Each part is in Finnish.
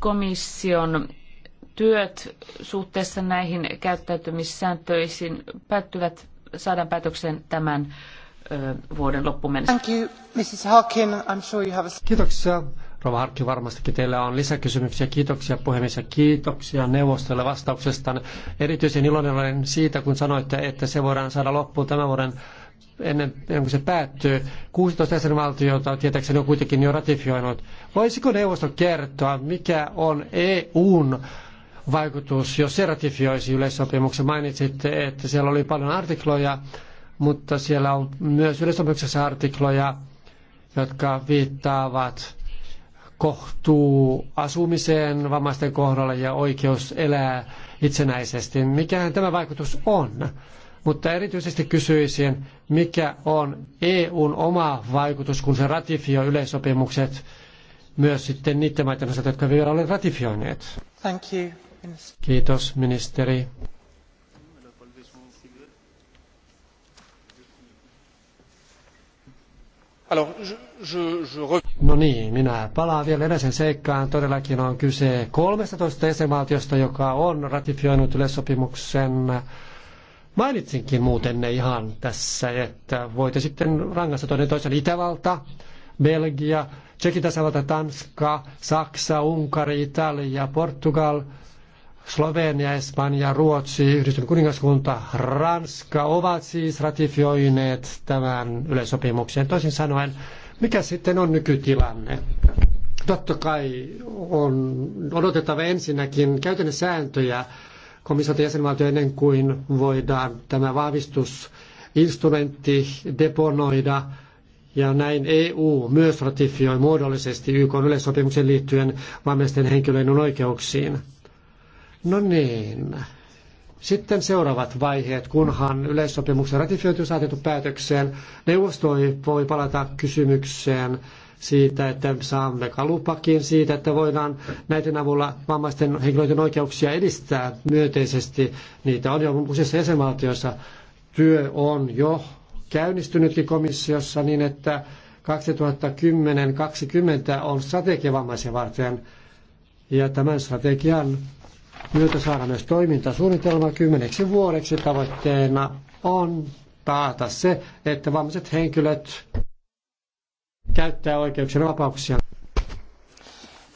komission työt suhteessa näihin käyttäytymissääntöihin päättyvät, saadaan päätökseen tämän vuoden loppuun mennessä. Thank you, Mrs. Harkin. I'm sure you have a... Kiitoksia. Rova Harkki, varmastikin teillä on lisäkysymyksiä. Kiitoksia puhemies ja kiitoksia neuvostolle vastauksesta. Erityisen iloinen olen siitä, kun sanoitte, että se voidaan saada loppuun tämän vuoden ennen, ennen kuin se päättyy. 16 jäsenvaltiota tietääkseni on kuitenkin jo ratifioinut. Voisiko neuvosto kertoa, mikä on EUn vaikutus, jos se ratifioisi yleissopimuksen? Mainitsitte, että siellä oli paljon artikloja, mutta siellä on myös yleissopimuksessa artikloja, jotka viittaavat kohtuu asumiseen vammaisten kohdalla ja oikeus elää itsenäisesti. Mikähän tämä vaikutus on? Mutta erityisesti kysyisin, mikä on EUn oma vaikutus, kun se ratifioi yleissopimukset myös sitten niiden maiden osalta, jotka eivät vielä ole ratifioineet. Thank you, Kiitos, ministeri. No niin, minä palaan vielä edellisen seikkaan. Todellakin on kyse 13 jäsenvaltiosta, joka on ratifioinut yleissopimuksen Mainitsinkin muuten ne ihan tässä, että voitte sitten rangaista toinen toisen Itävalta, Belgia, Tsekin tasavalta, Tanska, Saksa, Unkari, Italia, Portugal, Slovenia, Espanja, Ruotsi, Yhdistynyt kuningaskunta, Ranska ovat siis ratifioineet tämän yleisopimuksen Toisin sanoen, mikä sitten on nykytilanne? Totta kai on odotettava ensinnäkin käytännön sääntöjä komissiota jäsenvaltio ennen kuin voidaan tämä vahvistusinstrumentti deponoida. Ja näin EU myös ratifioi muodollisesti YK yleissopimuksen liittyen vammaisten henkilöiden oikeuksiin. No niin. Sitten seuraavat vaiheet, kunhan yleissopimuksen ratifioitu saatettu päätökseen, neuvosto voi palata kysymykseen siitä, että saamme kalupakin siitä, että voidaan näiden avulla vammaisten henkilöiden oikeuksia edistää myönteisesti. Niitä on jo useissa jäsenvaltioissa. Työ on jo käynnistynytkin komissiossa niin, että 2010-2020 on strategia vammaisia varten. Ja tämän strategian myötä saada myös toimintasuunnitelma kymmeneksi vuodeksi. Tavoitteena on taata se, että vammaiset henkilöt käyttää oikeuksia ja vapauksia.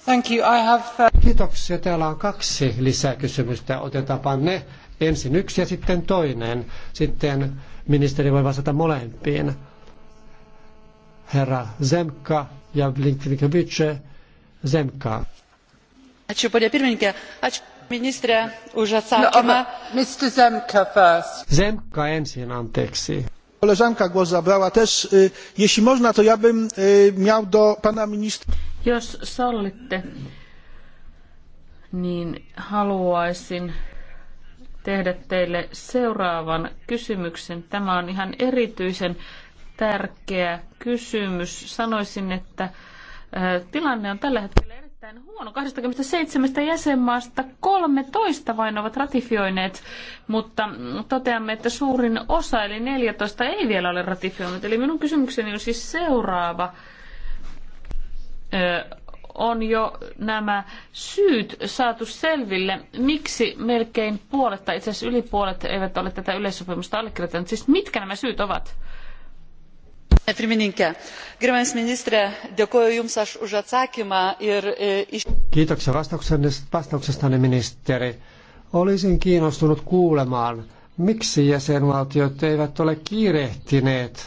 Thank you. I have... Uh, Kiitoksia. Täällä on kaksi lisäkysymystä. Otetaanpa ne ensin yksi ja sitten toinen. Sitten ministeri voi vastata molempiin. Herra Zemka ja Blinkvinkovice Zemka. No, Mr. Zemka first. Zemka ensin, anteeksi koleżanka głos zabrała też jeśli można to ja bym miał do pana ministra jos sallitte niin haluaisin tehdä teille seuraavan kysymyksen. Tämä on ihan erityisen tärkeä kysymys. Sanoisin, että tilanne on tällä hetkellä erittäin huono. 27 jäsenmaasta 13 vain ovat ratifioineet, mutta toteamme, että suurin osa eli 14 ei vielä ole ratifioinut. Eli minun kysymykseni on siis seuraava. Ö, on jo nämä syyt saatu selville, miksi melkein puolet tai itse asiassa yli puolet eivät ole tätä yleissopimusta allekirjoittaneet. Siis mitkä nämä syyt ovat? gerbiamas ministre dėkoju jums už atsakymą ir e, Kiitoksia vastauksestanne ministeri. Olisin kiinnostunut kuulemaan, miksi jäsenvaltiot eivät ole kiirehtineet,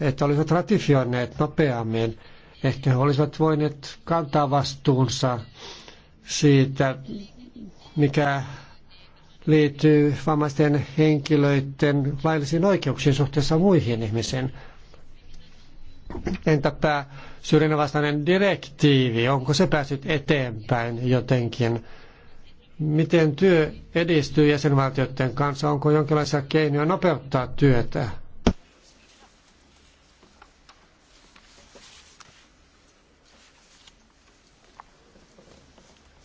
että olisivat ratifioineet nopeammin. Ehkä he olisivat voineet kantaa vastuunsa siitä, mikä liittyy vammaisten henkilöiden laillisiin oikeuksiin suhteessa muihin ihmisiin. Entäpä syrjinnänvastainen direktiivi, onko se päässyt eteenpäin jotenkin? Miten työ edistyy jäsenvaltioiden kanssa? Onko jonkinlaisia keinoja nopeuttaa työtä?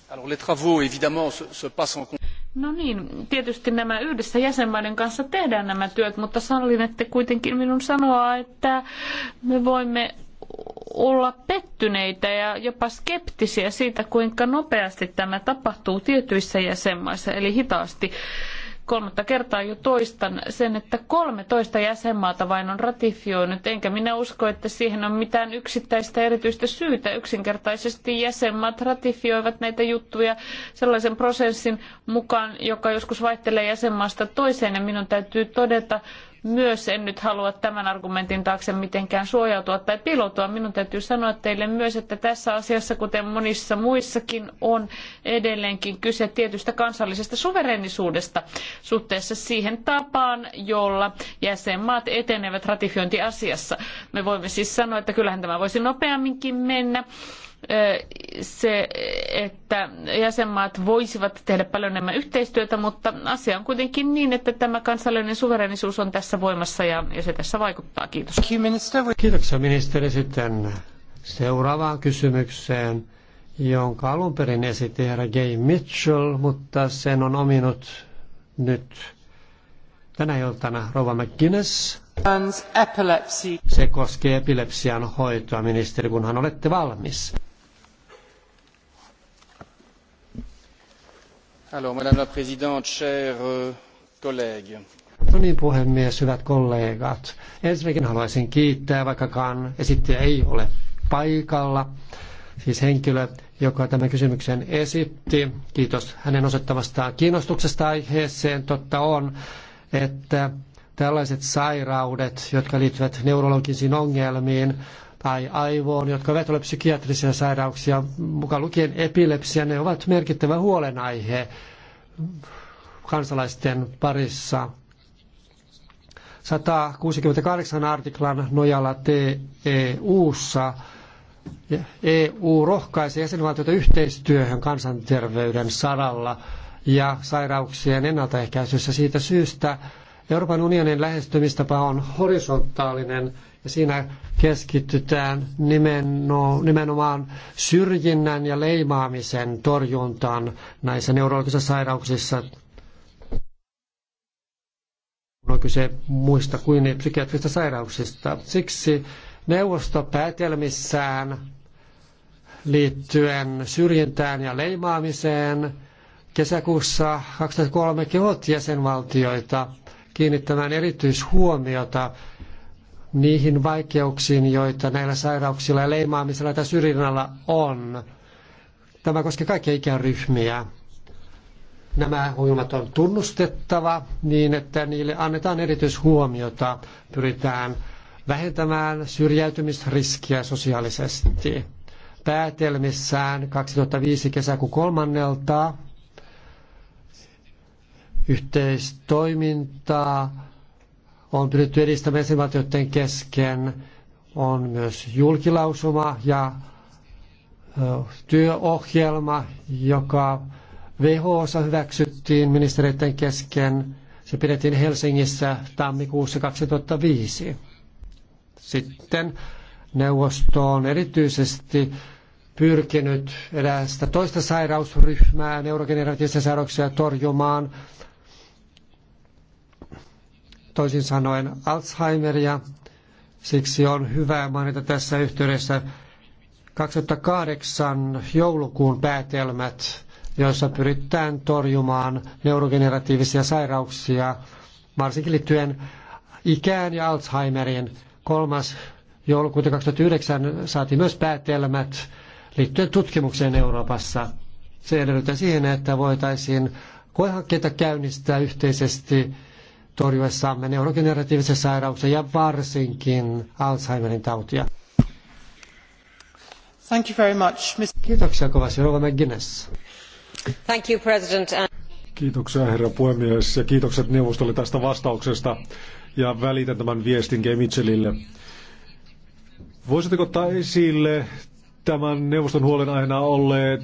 Alors les travaux évidemment se, se passent en No niin, tietysti nämä yhdessä jäsenmaiden kanssa tehdään nämä työt, mutta sallin, että kuitenkin minun sanoa, että me voimme olla pettyneitä ja jopa skeptisiä siitä, kuinka nopeasti tämä tapahtuu tietyissä jäsenmaissa, eli hitaasti kolmatta kertaa jo toistan sen, että 13 jäsenmaata vain on ratifioinut, enkä minä usko, että siihen on mitään yksittäistä erityistä syytä. Yksinkertaisesti jäsenmaat ratifioivat näitä juttuja sellaisen prosessin mukaan, joka joskus vaihtelee jäsenmaasta toiseen, ja minun täytyy todeta myös en nyt halua tämän argumentin taakse mitenkään suojautua tai piiloutua. Minun täytyy sanoa teille myös, että tässä asiassa, kuten monissa muissakin, on edelleenkin kyse tietystä kansallisesta suverenisuudesta suhteessa siihen tapaan, jolla jäsenmaat etenevät ratifiointiasiassa. Me voimme siis sanoa, että kyllähän tämä voisi nopeamminkin mennä se, että jäsenmaat voisivat tehdä paljon enemmän yhteistyötä, mutta asia on kuitenkin niin, että tämä kansallinen suverenisuus on tässä voimassa ja, se tässä vaikuttaa. Kiitos. Kiitoksia ministeri. Sitten seuraavaan kysymykseen, jonka alun perin esitti herra Gay Mitchell, mutta sen on ominut nyt tänä iltana Rova McGuinness. Se koskee epilepsian hoitoa, ministeri, kunhan olette valmis. madame la présidente, chers euh, collègues. No niin, puhemies, hyvät kollegat. Ensinnäkin haluaisin kiittää, vaikkakaan esittäjä ei ole paikalla, siis henkilö, joka tämän kysymyksen esitti. Kiitos hänen osoittamastaan kiinnostuksesta aiheeseen. Totta on, että tällaiset sairaudet, jotka liittyvät neurologisiin ongelmiin, tai aivoon, jotka eivät ole psykiatrisia sairauksia, mukaan lukien epilepsia, ne ovat merkittävä huolenaihe kansalaisten parissa. 168 artiklan nojalla TEUssa EU rohkaisee jäsenvaltioita yhteistyöhön kansanterveyden saralla ja sairauksien ennaltaehkäisyssä siitä syystä Euroopan unionin lähestymistapa on horisontaalinen ja siinä keskitytään nimenomaan syrjinnän ja leimaamisen torjuntaan näissä neurologisissa sairauksissa. On kyse muista kuin psykiatrisista sairauksista. Siksi neuvosto päätelmissään liittyen syrjintään ja leimaamiseen kesäkuussa 2003 kehotti jäsenvaltioita kiinnittämään erityishuomiota niihin vaikeuksiin, joita näillä sairauksilla ja leimaamisella tai syrjinnällä on. Tämä koskee kaikkia ikäryhmiä. Nämä ongelmat on tunnustettava niin, että niille annetaan erityishuomiota. Pyritään vähentämään syrjäytymisriskiä sosiaalisesti. Päätelmissään 2005 kesäkuun kolmannelta yhteistoimintaa on pyritty edistämään jäsenvaltioiden kesken. On myös julkilausuma ja työohjelma, joka WHOssa hyväksyttiin ministereiden kesken. Se pidettiin Helsingissä tammikuussa 2005. Sitten neuvosto on erityisesti pyrkinyt eräästä toista sairausryhmää, neurogeneratiivisia sairauksia torjumaan toisin sanoen Alzheimeria. Siksi on hyvä mainita tässä yhteydessä 2008 joulukuun päätelmät, joissa pyritään torjumaan neurogeneratiivisia sairauksia, varsinkin liittyen ikään ja Alzheimeriin. Kolmas joulukuuta 2009 saatiin myös päätelmät liittyen tutkimukseen Euroopassa. Se edellyttää siihen, että voitaisiin koehankkeita käynnistää yhteisesti torjuessamme neurogeneratiivisia sairauksia ja varsinkin Alzheimerin tautia. Thank you very much, Ms. Kiitoksia kovasti, Rova McGuinness. Thank you, President. Kiitoksia herra puhemies ja kiitokset neuvostolle tästä vastauksesta ja välitän tämän viestin G. Mitchellille. Voisitteko ottaa esille tämän neuvoston huolenaiheena olleet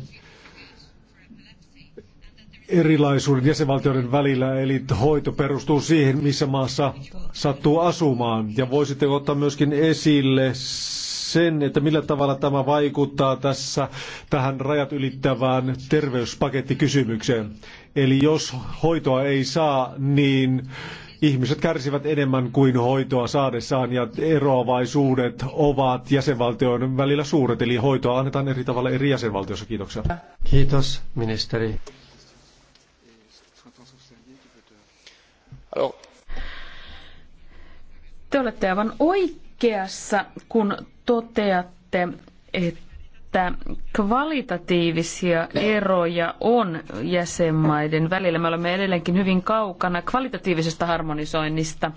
erilaisuuden jäsenvaltioiden välillä, eli hoito perustuu siihen, missä maassa sattuu asumaan. Ja voisitte ottaa myöskin esille sen, että millä tavalla tämä vaikuttaa tässä tähän rajat ylittävään terveyspakettikysymykseen. Eli jos hoitoa ei saa, niin ihmiset kärsivät enemmän kuin hoitoa saadessaan ja eroavaisuudet ovat jäsenvaltioiden välillä suuret, eli hoitoa annetaan eri tavalla eri jäsenvaltioissa. Kiitoksia. Kiitos, ministeri. Oh. Te olette aivan oikeassa, kun toteatte, että kvalitatiivisia eroja on jäsenmaiden välillä. Me olemme edelleenkin hyvin kaukana kvalitatiivisesta harmonisoinnista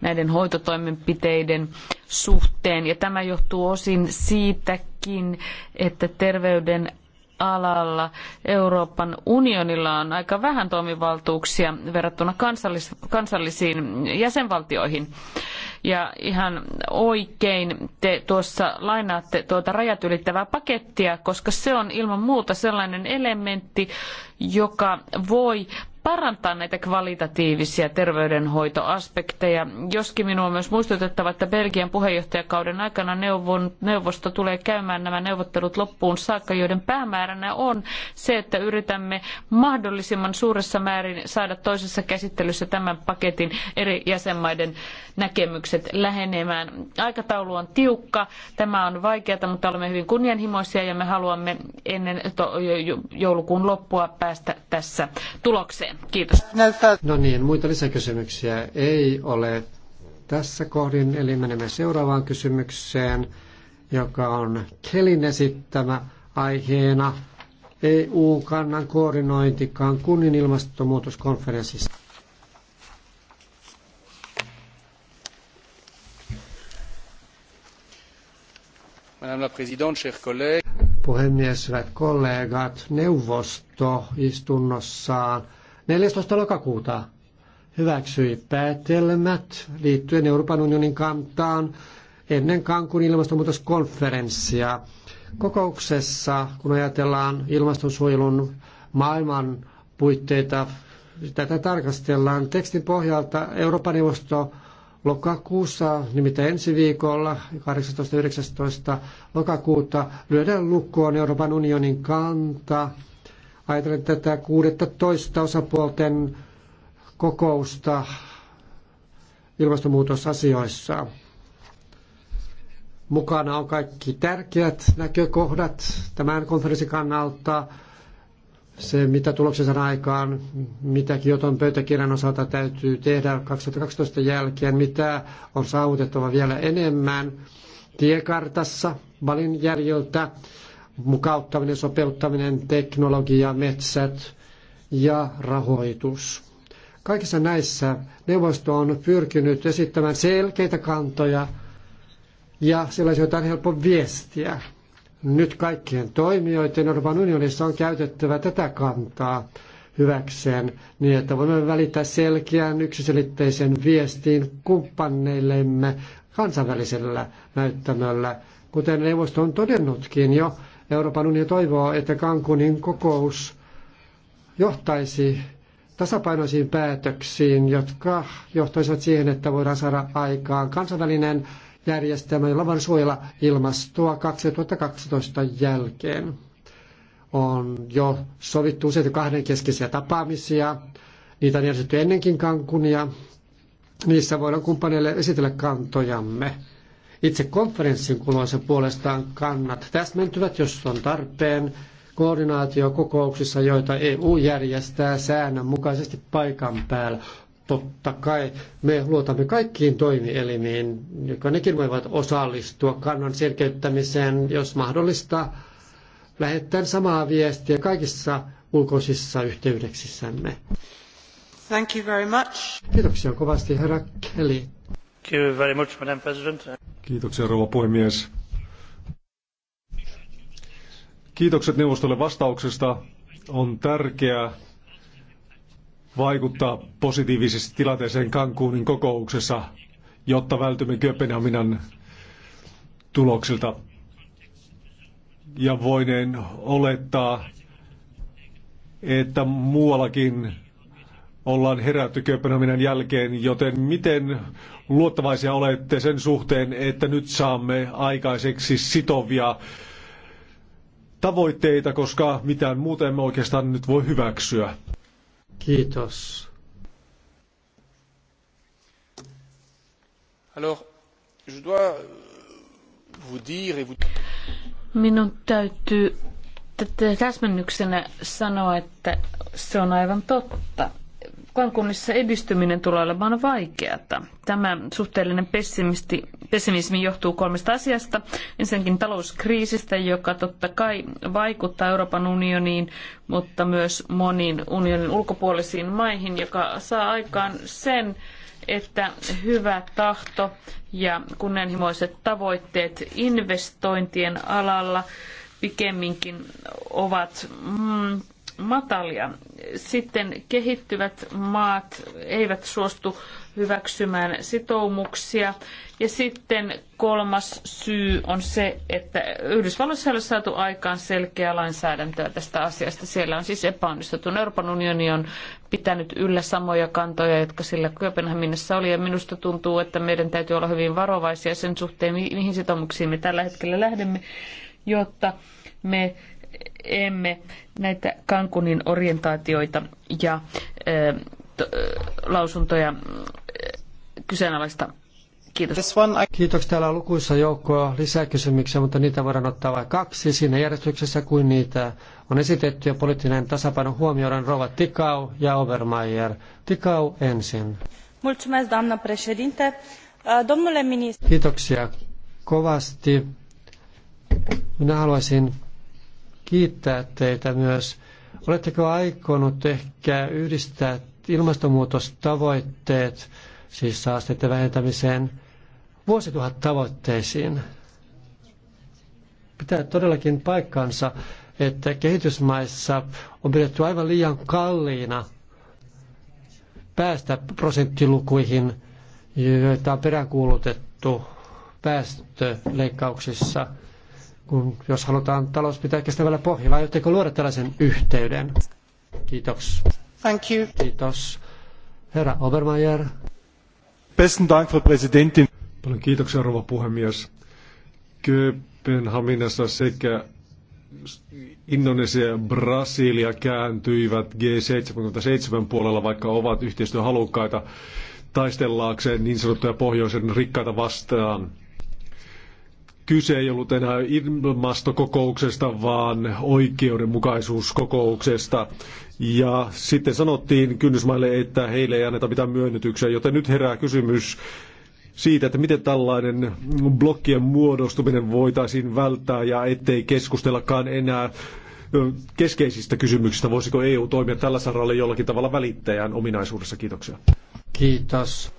näiden hoitotoimenpiteiden suhteen. Ja tämä johtuu osin siitäkin, että terveyden alalla Euroopan unionilla on aika vähän toimivaltuuksia verrattuna kansallis kansallisiin jäsenvaltioihin. Ja ihan oikein te tuossa lainaatte tuota rajat ylittävää pakettia, koska se on ilman muuta sellainen elementti, joka voi parantaa näitä kvalitatiivisia terveydenhoitoaspekteja, joskin minua on myös muistutettava, että Belgian puheenjohtajakauden aikana neuvosto tulee käymään nämä neuvottelut loppuun saakka, joiden päämääränä on se, että yritämme mahdollisimman suuressa määrin saada toisessa käsittelyssä tämän paketin eri jäsenmaiden näkemykset lähenemään. Aikataulu on tiukka, tämä on vaikeata, mutta olemme hyvin kunnianhimoisia ja me haluamme ennen joulukuun loppua päästä tässä tulokseen. Kiitos. No niin, muita lisäkysymyksiä ei ole tässä kohdin, eli menemme seuraavaan kysymykseen, joka on Kelin esittämä aiheena EU-kannan koordinointi Cancunin ilmastonmuutoskonferenssissa. Madame la Présidente, chers collègues. Puhemies, hyvät kollegat, neuvosto istunnossaan 14. lokakuuta hyväksyi päätelmät liittyen Euroopan unionin kantaan ennen kankun ilmastonmuutoskonferenssia. Kokouksessa, kun ajatellaan ilmastonsuojelun maailman puitteita, tätä tarkastellaan tekstin pohjalta Euroopan neuvosto lokakuussa, nimittäin ensi viikolla 18.19. lokakuuta lyödään lukkoon Euroopan unionin kanta Ajatellen tätä 16 osapuolten kokousta ilmastonmuutosasioissa. Mukana on kaikki tärkeät näkökohdat tämän konferenssin kannalta. Se, mitä tuloksia saadaan aikaan, mitä Kioton pöytäkirjan osalta täytyy tehdä 2012 jälkeen, mitä on saavutettava vielä enemmän tiekartassa Balin järjeltä mukauttaminen, sopeuttaminen, teknologia, metsät ja rahoitus. Kaikissa näissä neuvosto on pyrkinyt esittämään selkeitä kantoja ja sellaisia, joita on helppo viestiä. Nyt kaikkien toimijoiden Euroopan unionissa on käytettävä tätä kantaa hyväkseen, niin että voimme välittää selkeän yksiselitteisen viestin kumppaneillemme kansainvälisellä näyttämöllä, kuten neuvosto on todennutkin jo Euroopan unioni toivoo, että Cancunin kokous johtaisi tasapainoisiin päätöksiin, jotka johtaisivat siihen, että voidaan saada aikaan kansainvälinen järjestelmä, jolla voidaan suojella ilmastoa 2012 jälkeen. On jo sovittu useita kahdenkeskisiä tapaamisia. Niitä on järjestetty ennenkin kankunia. Niissä voidaan kumppaneille esitellä kantojamme. Itse konferenssin kuluisen puolestaan kannat täsmentyvät, jos on tarpeen, koordinaatiokokouksissa, joita EU järjestää säännönmukaisesti paikan päällä. Totta kai me luotamme kaikkiin toimielimiin, jotka nekin voivat osallistua kannan selkeyttämiseen, jos mahdollista, lähettäen samaa viestiä kaikissa ulkoisissa yhteydeksissämme. Thank you very much. Kiitoksia kovasti, herra Kelly. Thank you very much, Madam President. Kiitoksia, rouva puhemies. Kiitokset neuvostolle vastauksesta. On tärkeää vaikuttaa positiivisesti tilanteeseen Cancunin kokouksessa, jotta vältymme Kööpenhaminan tuloksilta. Ja voineen olettaa, että muuallakin ollaan herätty Kööpenhaminan jälkeen, joten miten luottavaisia olette sen suhteen, että nyt saamme aikaiseksi sitovia tavoitteita, koska mitään muuta emme oikeastaan nyt voi hyväksyä. Kiitos. Alors, je dois vous dire et vous... Minun täytyy täsmennyksenä sanoa, että se on aivan totta. Kankunissa edistyminen tulee olemaan vaikeata. Tämä suhteellinen pessimisti, pessimismi johtuu kolmesta asiasta. Ensinnäkin talouskriisistä, joka totta kai vaikuttaa Euroopan unioniin, mutta myös moniin unionin ulkopuolisiin maihin, joka saa aikaan sen, että hyvä tahto ja kunnianhimoiset tavoitteet investointien alalla pikemminkin ovat mm, matalia. Sitten kehittyvät maat eivät suostu hyväksymään sitoumuksia. Ja sitten kolmas syy on se, että Yhdysvalloissa ei ole saatu aikaan selkeää lainsäädäntöä tästä asiasta. Siellä on siis epäonnistuttu. Euroopan unioni on pitänyt yllä samoja kantoja, jotka sillä Kööpenhaminassa oli. Ja minusta tuntuu, että meidän täytyy olla hyvin varovaisia sen suhteen, mihin sitoumuksiin me tällä hetkellä lähdemme, jotta me emme näitä Kankunin orientaatioita ja lausuntoja kyseenalaista. Kiitos. Kiitos. Täällä on lukuissa joukkoa lisäkysymyksiä, mutta niitä voidaan ottaa vain kaksi siinä järjestyksessä, kuin niitä on esitetty. Ja poliittinen tasapaino huomioidaan Rova Tikau ja Obermeier. Tikau ensin. Uh, Kiitoksia kovasti. Minä haluaisin kiittää teitä myös. Oletteko aikonut ehkä yhdistää ilmastonmuutostavoitteet, siis saasteiden vähentämiseen, vuosituhat tavoitteisiin? Pitää todellakin paikkansa, että kehitysmaissa on pidetty aivan liian kalliina päästä prosenttilukuihin, joita on peräänkuulutettu päästöleikkauksissa – kun, jos halutaan talous pitää kestävällä pohjalla. Aiotteko luoda tällaisen yhteyden? Kiitos. Thank you. Kiitos. Herra Obermeier. Besten Dank, Frau Präsidentin. Paljon kiitoksia, rouva puhemies. Kööpenhaminassa sekä Indonesia ja Brasilia kääntyivät G77 puolella, vaikka ovat yhteistyöhalukkaita taistellaakseen niin sanottuja pohjoisen rikkaita vastaan – Kyse ei ollut enää ilmastokokouksesta, vaan oikeudenmukaisuuskokouksesta. Ja sitten sanottiin kynnysmaille, että heille ei anneta mitään myönnytyksiä, joten nyt herää kysymys siitä, että miten tällainen blokkien muodostuminen voitaisiin välttää ja ettei keskustellakaan enää keskeisistä kysymyksistä. Voisiko EU toimia tällä saralla jollakin tavalla välittäjän ominaisuudessa? Kiitoksia. Kiitos.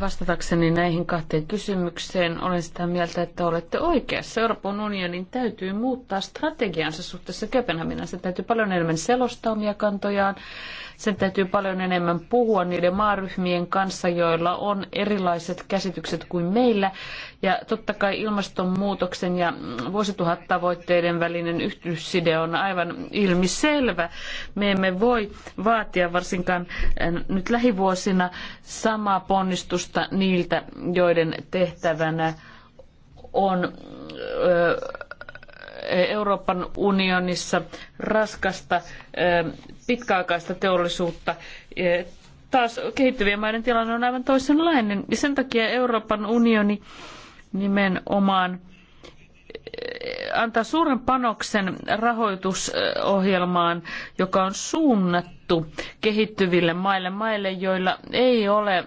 Vastatakseni näihin kahteen kysymykseen olen sitä mieltä, että olette oikeassa. Euroopan unionin täytyy muuttaa strategiansa suhteessa Kööpenhaminaan. Se täytyy paljon enemmän selostaa omia kantojaan sen täytyy paljon enemmän puhua niiden maaryhmien kanssa, joilla on erilaiset käsitykset kuin meillä. Ja totta kai ilmastonmuutoksen ja vuosituhattavoitteiden välinen yhteysside on aivan ilmiselvä. Me emme voi vaatia varsinkaan eh, nyt lähivuosina samaa ponnistusta niiltä, joiden tehtävänä on eh, Euroopan unionissa raskasta pitkäaikaista teollisuutta. E, taas kehittyvien maiden tilanne on aivan toisenlainen. Ja sen takia Euroopan unioni nimenomaan e, antaa suuren panoksen rahoitusohjelmaan, joka on suunnattu kehittyville maille, maille, joilla ei ole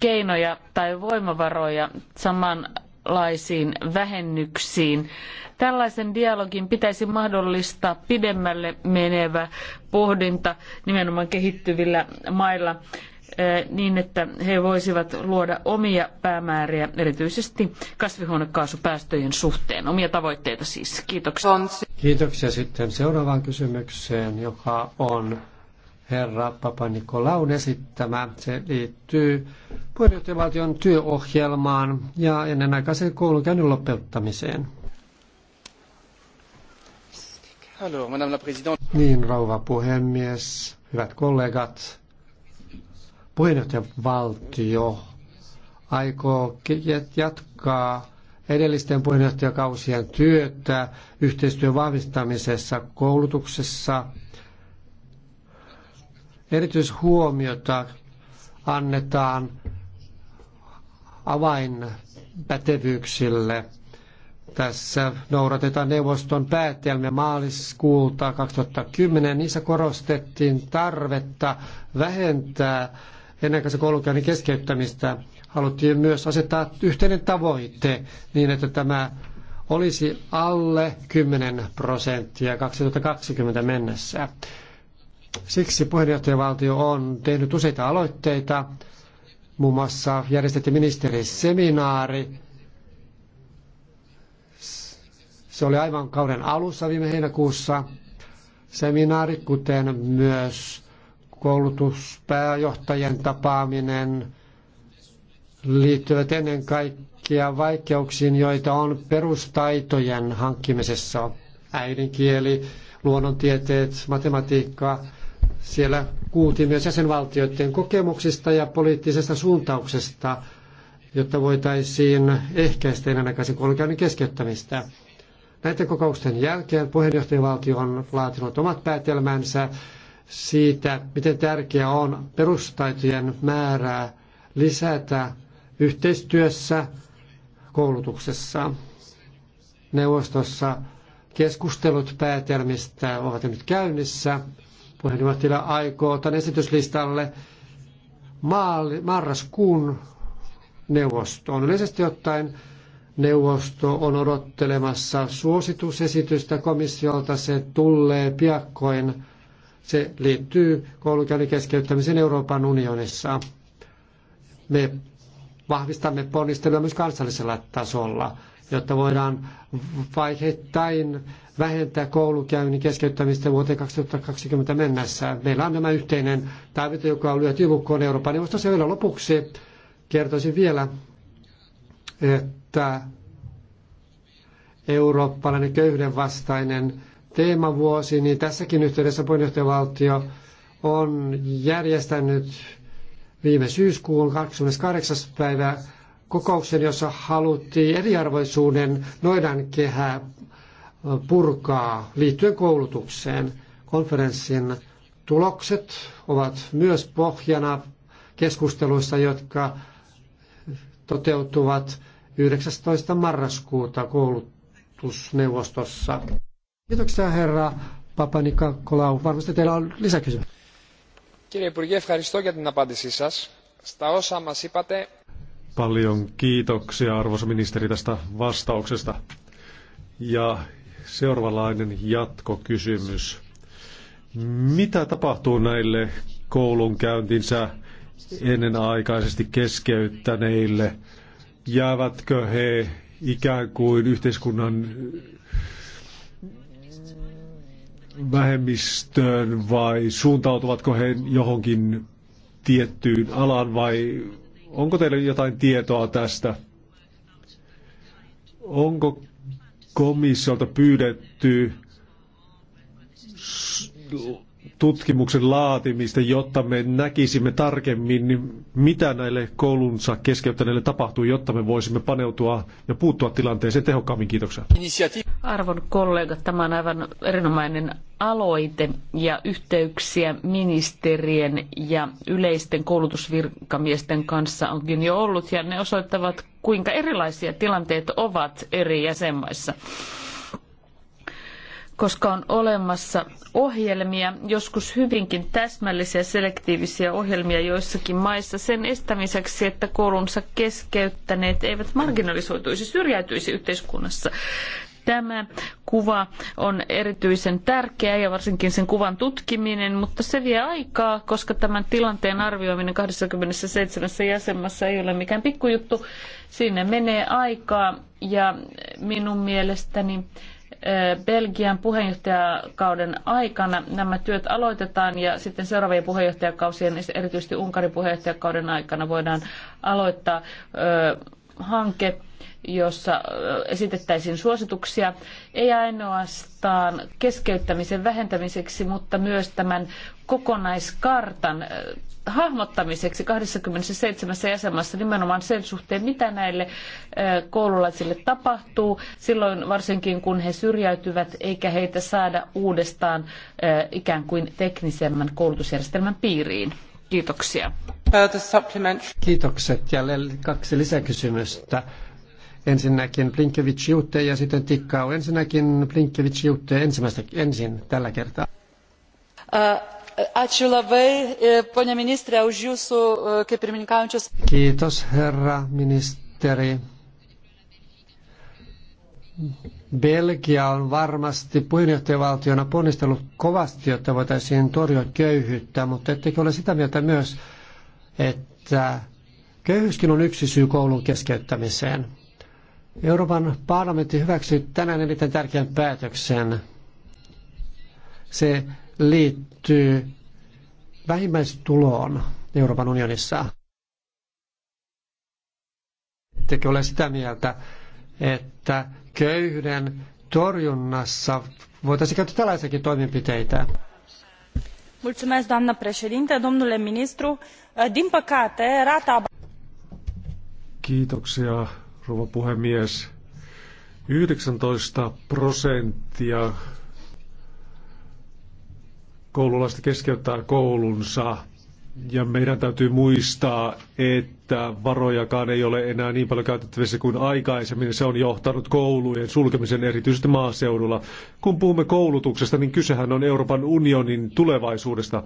keinoja tai voimavaroja saman erilaisiin vähennyksiin. Tällaisen dialogin pitäisi mahdollistaa pidemmälle menevä pohdinta nimenomaan kehittyvillä mailla eh, niin, että he voisivat luoda omia päämääriä, erityisesti kasvihuonekaasupäästöjen suhteen. Omia tavoitteita siis. Kiitoksia. Kiitoksia sitten seuraavaan kysymykseen, joka on herra Nikolaun esittämä. Se liittyy puheenjohtajavaltion työohjelmaan ja ennenaikaisen koulunkäynnin lopettamiseen. Niin, rouva puhemies, hyvät kollegat. Puheenjohtajavaltio aikoo jatkaa edellisten puheenjohtajakausien työtä yhteistyön vahvistamisessa koulutuksessa, Erityishuomiota annetaan avainpätevyyksille. Tässä noudatetaan neuvoston päätelmiä maaliskuulta 2010. Niissä korostettiin tarvetta vähentää ennenaikaisen koulunkäynnin keskeyttämistä. Haluttiin myös asettaa yhteinen tavoite niin, että tämä olisi alle 10 prosenttia 2020 mennessä. Siksi puheenjohtajavaltio on tehnyt useita aloitteita. Muun muassa järjestettiin ministeriseminaari. Se oli aivan kauden alussa viime heinäkuussa. Seminaari, kuten myös koulutuspääjohtajien tapaaminen, liittyvät ennen kaikkea vaikeuksiin, joita on perustaitojen hankkimisessa. Äidinkieli, luonnontieteet, matematiikka, siellä kuultiin myös jäsenvaltioiden kokemuksista ja poliittisesta suuntauksesta, jotta voitaisiin ehkäistä ennenaikaisen koulunkäynnin keskeyttämistä. Näiden kokousten jälkeen puheenjohtajavaltio on laatinut omat päätelmänsä siitä, miten tärkeää on perustaitojen määrää lisätä yhteistyössä koulutuksessa. Neuvostossa keskustelut päätelmistä ovat nyt käynnissä puheenjohtaja aikoo tämän esityslistalle marraskuun neuvostoon. Yleisesti ottaen neuvosto on odottelemassa suositusesitystä komissiolta. Se tulee piakkoin. Se liittyy koulukäynnin keskeyttämiseen Euroopan unionissa. Me vahvistamme ponnistelua myös kansallisella tasolla jotta voidaan vaiheittain vähentää koulukäynnin keskeyttämistä vuoteen 2020 mennessä. Meillä on tämä yhteinen tavoite, joka on lyöty lukkoon Euroopan neuvostossa. Vielä lopuksi kertoisin vielä, että eurooppalainen köyhden vastainen teemavuosi, niin tässäkin yhteydessä puheenjohtajavaltio on järjestänyt viime syyskuun 28. päivä kokouksen, jossa haluttiin eriarvoisuuden noidan kehää purkaa liittyen koulutukseen. Konferenssin tulokset ovat myös pohjana keskusteluissa, jotka toteutuvat 19. marraskuuta koulutusneuvostossa. Kiitoksia herra Papanika Kolau. Varmasti teillä on lisäkysymys. Κύριε Υπουργέ, ευχαριστώ για την απάντησή σας. Στα όσα μας είπατε, Paljon kiitoksia arvoisa ministeri tästä vastauksesta. Ja seuraavanlainen jatkokysymys. Mitä tapahtuu näille koulunkäyntinsä ennenaikaisesti keskeyttäneille? Jäävätkö he ikään kuin yhteiskunnan vähemmistöön vai suuntautuvatko he johonkin tiettyyn alaan vai Onko teillä jotain tietoa tästä? Onko komissiolta pyydetty tutkimuksen laatimista, jotta me näkisimme tarkemmin, niin mitä näille koulunsa keskeyttäneille tapahtuu, jotta me voisimme paneutua ja puuttua tilanteeseen tehokkaammin. Kiitoksia. Arvon kollegat, tämä on aivan erinomainen aloite ja yhteyksiä ministerien ja yleisten koulutusvirkamiesten kanssa onkin jo ollut ja ne osoittavat, kuinka erilaisia tilanteet ovat eri jäsenmaissa koska on olemassa ohjelmia, joskus hyvinkin täsmällisiä selektiivisiä ohjelmia joissakin maissa sen estämiseksi, että koulunsa keskeyttäneet eivät marginalisoituisi, syrjäytyisi yhteiskunnassa. Tämä kuva on erityisen tärkeä ja varsinkin sen kuvan tutkiminen, mutta se vie aikaa, koska tämän tilanteen arvioiminen 27 jäsenmaassa ei ole mikään pikkujuttu. Siinä menee aikaa ja minun mielestäni Belgian puheenjohtajakauden aikana nämä työt aloitetaan ja sitten seuraavien puheenjohtajakausien, erityisesti Unkarin puheenjohtajakauden aikana voidaan aloittaa hanke jossa esitettäisiin suosituksia ei ainoastaan keskeyttämisen vähentämiseksi, mutta myös tämän kokonaiskartan hahmottamiseksi 27 jäsenmaassa nimenomaan sen suhteen, mitä näille koululaisille tapahtuu, silloin varsinkin kun he syrjäytyvät eikä heitä saada uudestaan ikään kuin teknisemmän koulutusjärjestelmän piiriin. Kiitoksia. Kiitokset. Jälleen kaksi lisäkysymystä. Ensinnäkin Blinkevich Jutte ja sitten Tikkau. Ensinnäkin Blinkevich Jutte ensimmäistä ensin tällä kertaa. Äh, ačiū labai, e, ponia ministrė, už jūsų e, kaip Kiitos, herra ministeri. Belgia on varmasti puheenjohtajavaltiona ponnistellut kovasti, jotta voitaisiin torjua köyhyyttä, mutta ettekö ole sitä mieltä myös, että köyhyyskin on yksi syy koulun keskeyttämiseen? Euroopan parlamentti hyväksyi tänään erittäin tärkeän päätöksen. Se liittyy vähimmäistuloon Euroopan unionissa. Ettekö ole sitä mieltä, että köyhyyden torjunnassa voitaisiin käyttää tällaisiakin toimenpiteitä? Mulțumesc, doamnă președinte, domnule ministru. Din păcate, rata... Kiitoksia, rouva puhemies. 19 prosenttia koululaista keskeyttää koulunsa ja meidän täytyy muistaa, että varojakaan ei ole enää niin paljon käytettävissä kuin aikaisemmin. Se on johtanut koulujen sulkemisen erityisesti maaseudulla. Kun puhumme koulutuksesta, niin kysehän on Euroopan unionin tulevaisuudesta.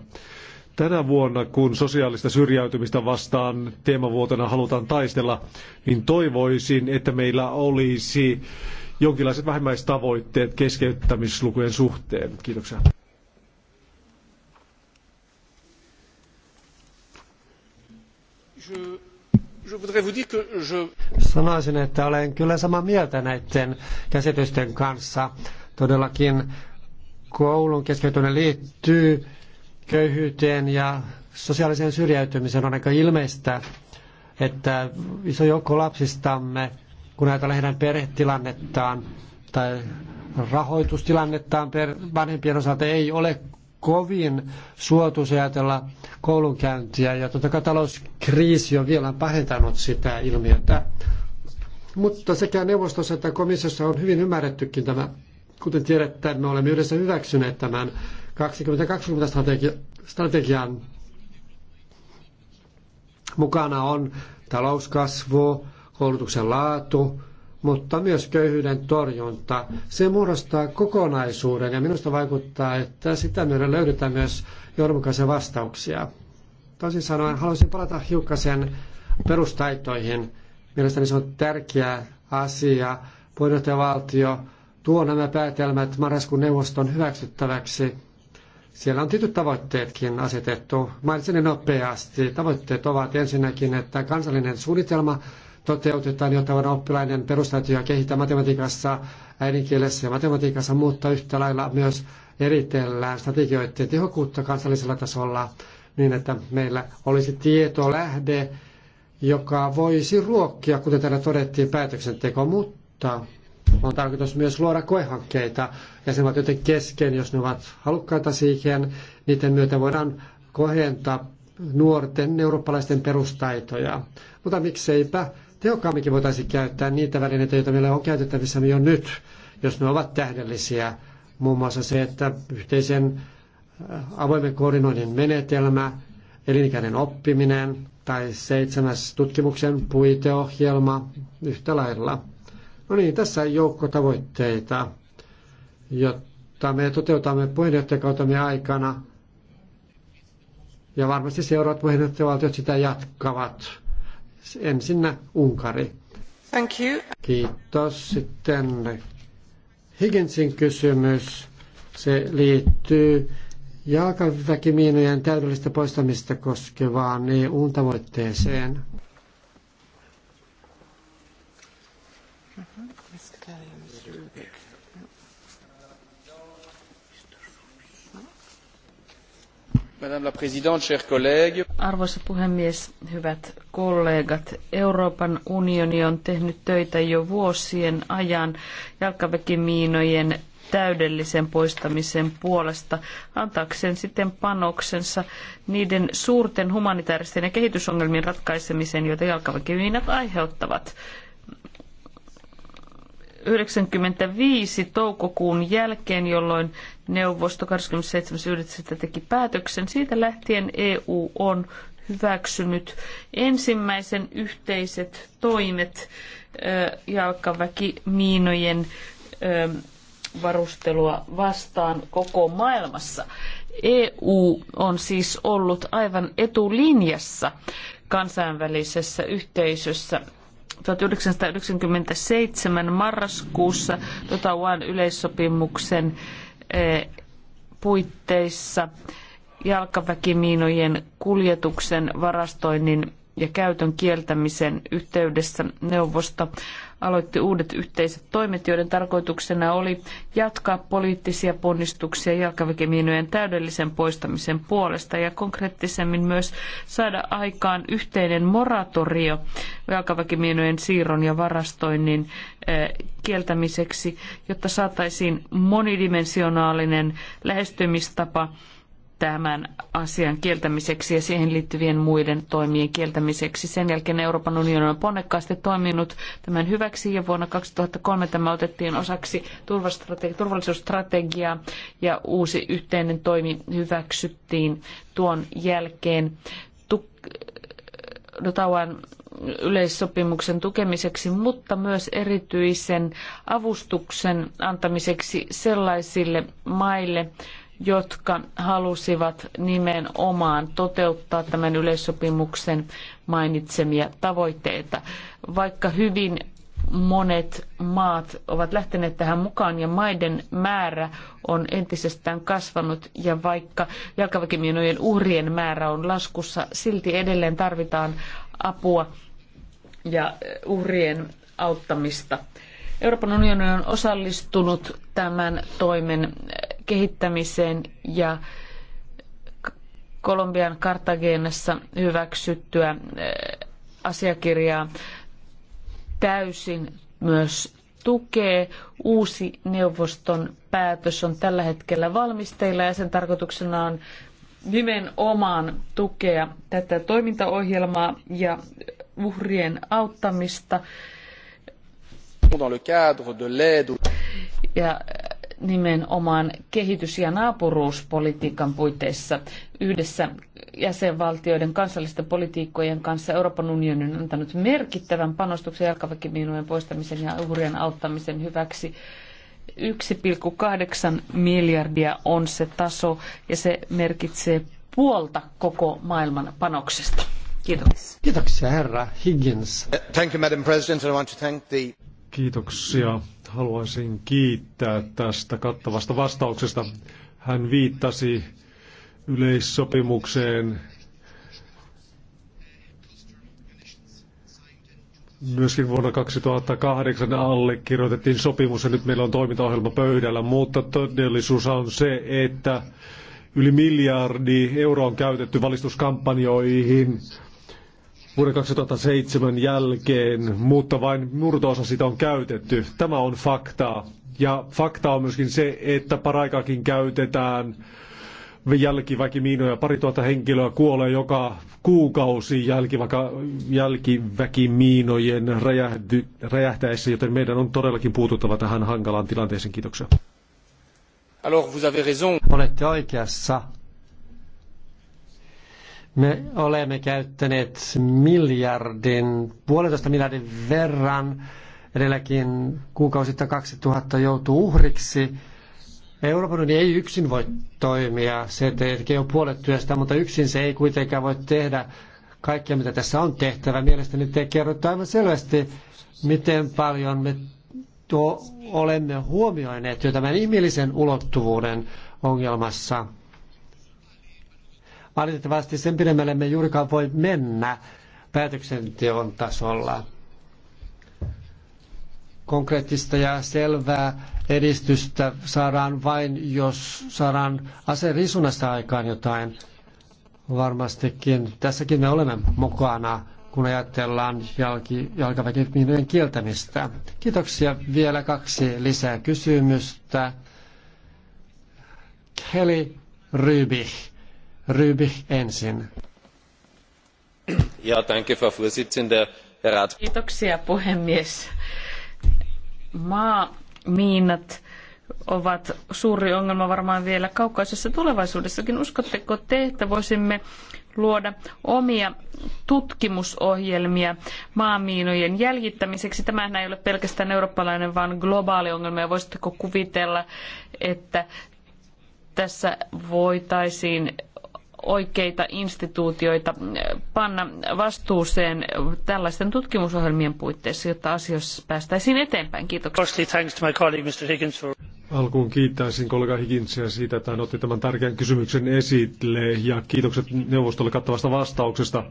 Tänä vuonna, kun sosiaalista syrjäytymistä vastaan teemavuotena halutaan taistella, niin toivoisin, että meillä olisi jonkinlaiset vähimmäistavoitteet keskeyttämislukujen suhteen. Kiitoksia. Sanoisin, että olen kyllä samaa mieltä näiden käsitysten kanssa. Todellakin koulun keskeytyminen liittyy köyhyyteen ja sosiaaliseen syrjäytymiseen on aika ilmeistä, että iso joukko lapsistamme, kun ajatellaan heidän perhetilannettaan tai rahoitustilannettaan per vanhempien osalta, ei ole kovin suotuis ajatella koulunkäyntiä. Ja totta kai talouskriisi on vielä pahentanut sitä ilmiötä. Mutta sekä neuvostossa että komissiossa on hyvin ymmärrettykin tämä. Kuten tiedätte, me olemme yhdessä hyväksyneet tämän 2020 strategia, strategian mukana on talouskasvu, koulutuksen laatu, mutta myös köyhyyden torjunta. Se muodostaa kokonaisuuden ja minusta vaikuttaa, että sitä myöden löydetään myös johdonmukaisia vastauksia. Toisin sanoen haluaisin palata hiukkasen perustaitoihin. Mielestäni se on tärkeä asia. Puheenjohtajavaltio tuo nämä päätelmät marraskuun neuvoston hyväksyttäväksi siellä on tietyt tavoitteetkin asetettu. Mainitsen ne nopeasti. Tavoitteet ovat ensinnäkin, että kansallinen suunnitelma toteutetaan, jotta voidaan oppilaiden perustaitoja kehittää matematiikassa, äidinkielessä ja matematiikassa, mutta yhtä lailla myös eritellään strategioiden tehokkuutta kansallisella tasolla niin, että meillä olisi tietolähde, joka voisi ruokkia, kuten täällä todettiin, päätöksentekoa, mutta on tarkoitus myös luoda koehankkeita ja joten kesken, jos ne ovat halukkaita siihen. Niiden myötä voidaan kohentaa nuorten eurooppalaisten perustaitoja. Mutta mikseipä tehokkaamminkin voitaisiin käyttää niitä välineitä, joita meillä on käytettävissä jo nyt, jos ne ovat tähdellisiä. Muun muassa se, että yhteisen äh, avoimen koordinoinnin menetelmä, elinikäinen oppiminen tai seitsemäs tutkimuksen puiteohjelma yhtä lailla. No niin, tässä on joukko tavoitteita, jotta me toteutamme puheenjohtajakautemme aikana. Ja varmasti seuraavat puheenjohtajavaltiot sitä jatkavat. Ensinnä Unkari. Thank you. Kiitos. Sitten Higginsin kysymys. Se liittyy jalkaväkimiinojen täydellistä poistamista koskevaan EU-tavoitteeseen. Arvoisa puhemies, hyvät kollegat, Euroopan unioni on tehnyt töitä jo vuosien ajan jalkaväkimiinojen täydellisen poistamisen puolesta, antaakseen sitten panoksensa niiden suurten humanitaaristen ja kehitysongelmien ratkaisemiseen, joita jalkaväkimiinat aiheuttavat. 95 toukokuun jälkeen, jolloin neuvosto 27.9. teki päätöksen. Siitä lähtien EU on hyväksynyt ensimmäisen yhteiset toimet jalkaväkimiinojen varustelua vastaan koko maailmassa. EU on siis ollut aivan etulinjassa kansainvälisessä yhteisössä 1997 marraskuussa Totauan yleissopimuksen eh, puitteissa jalkaväkimiinojen kuljetuksen, varastoinnin ja käytön kieltämisen yhteydessä neuvosto aloitti uudet yhteiset toimet, joiden tarkoituksena oli jatkaa poliittisia ponnistuksia jalkaväkimiinojen täydellisen poistamisen puolesta ja konkreettisemmin myös saada aikaan yhteinen moratorio jalkaväkimiinojen siirron ja varastoinnin eh, kieltämiseksi, jotta saataisiin monidimensionaalinen lähestymistapa tämän asian kieltämiseksi ja siihen liittyvien muiden toimien kieltämiseksi. Sen jälkeen Euroopan unioni on ponnekkaasti toiminut tämän hyväksi ja vuonna 2003 tämä otettiin osaksi turvallisuusstrategiaa ja uusi yhteinen toimi hyväksyttiin tuon jälkeen. Dotawan yleissopimuksen tukemiseksi, mutta myös erityisen avustuksen antamiseksi sellaisille maille, jotka halusivat nimenomaan toteuttaa tämän yleissopimuksen mainitsemia tavoitteita. Vaikka hyvin monet maat ovat lähteneet tähän mukaan ja maiden määrä on entisestään kasvanut ja vaikka jalkaväkimiinojen uhrien määrä on laskussa, silti edelleen tarvitaan apua ja uhrien auttamista. Euroopan unioni on osallistunut tämän toimen kehittämiseen ja Kolumbian Kartagenassa hyväksyttyä eh, asiakirjaa täysin myös tukee. Uusi neuvoston päätös on tällä hetkellä valmisteilla ja sen tarkoituksena on nimenomaan tukea tätä toimintaohjelmaa ja uhrien auttamista. Ja nimenomaan kehitys- ja naapuruuspolitiikan puitteissa yhdessä jäsenvaltioiden kansallisten politiikkojen kanssa Euroopan unioni on antanut merkittävän panostuksen jalkaväkimiinojen poistamisen ja uhrien auttamisen hyväksi. 1,8 miljardia on se taso ja se merkitsee puolta koko maailman panoksesta. kiitos Kiitoksia herra Higgins. Thank you, Madam President, and I want to thank the... Kiitoksia. Haluaisin kiittää tästä kattavasta vastauksesta. Hän viittasi yleissopimukseen Myöskin vuonna 2008 allekirjoitettiin sopimus ja nyt meillä on toimintaohjelma pöydällä, mutta todellisuus on se, että yli miljardi euroa on käytetty valistuskampanjoihin vuoden 2007 jälkeen, mutta vain murtoosa sitä on käytetty. Tämä on faktaa. Ja fakta on myöskin se, että paraikaakin käytetään jälkiväkimiinoja. Pari tuhatta henkilöä kuolee joka kuukausi jälkiväka, jälkiväkimiinojen räjähdy, räjähtäessä, joten meidän on todellakin puututtava tähän hankalaan tilanteeseen. Kiitoksia. Alors, vous avez raison. Olette oikeassa. Me olemme käyttäneet miljardin, puolitoista miljardin verran. Edelläkin kuukausittain 2000 joutuu uhriksi. Euroopan unioni ei yksin voi toimia. Se tekee jo puolet työstä, mutta yksin se ei kuitenkaan voi tehdä kaikkea, mitä tässä on tehtävä. Mielestäni te kerrotte aivan selvästi, miten paljon me olemme huomioineet jo tämän ihmillisen ulottuvuuden ongelmassa. Valitettavasti sen pidemmälle me juurikaan voi mennä päätöksenteon tasolla. Konkreettista ja selvää edistystä saadaan vain, jos saadaan aserisunnasta aikaan jotain. Varmastikin tässäkin me olemme mukana, kun ajatellaan jalki, jalkaväkimiinojen kieltämistä. Kiitoksia. Vielä kaksi lisää kysymystä. Kelly Rybich Rybich ensin. Ja, danke, Frau Vorsitzende. Kiitoksia, puhemies. Maamiinat ovat suuri ongelma varmaan vielä kaukaisessa tulevaisuudessakin. Uskotteko te, että voisimme luoda omia tutkimusohjelmia maamiinojen jäljittämiseksi? Tämähän ei ole pelkästään eurooppalainen, vaan globaali ongelma. Ja voisitteko kuvitella, että tässä voitaisiin oikeita instituutioita eh, panna vastuuseen tällaisten tutkimusohjelmien puitteissa, jotta asioissa päästäisiin eteenpäin. Kiitoksia. Alkuun kiittäisin kollega Higginsia siitä, että hän otti tämän tärkeän kysymyksen esille ja kiitokset neuvostolle kattavasta vastauksesta.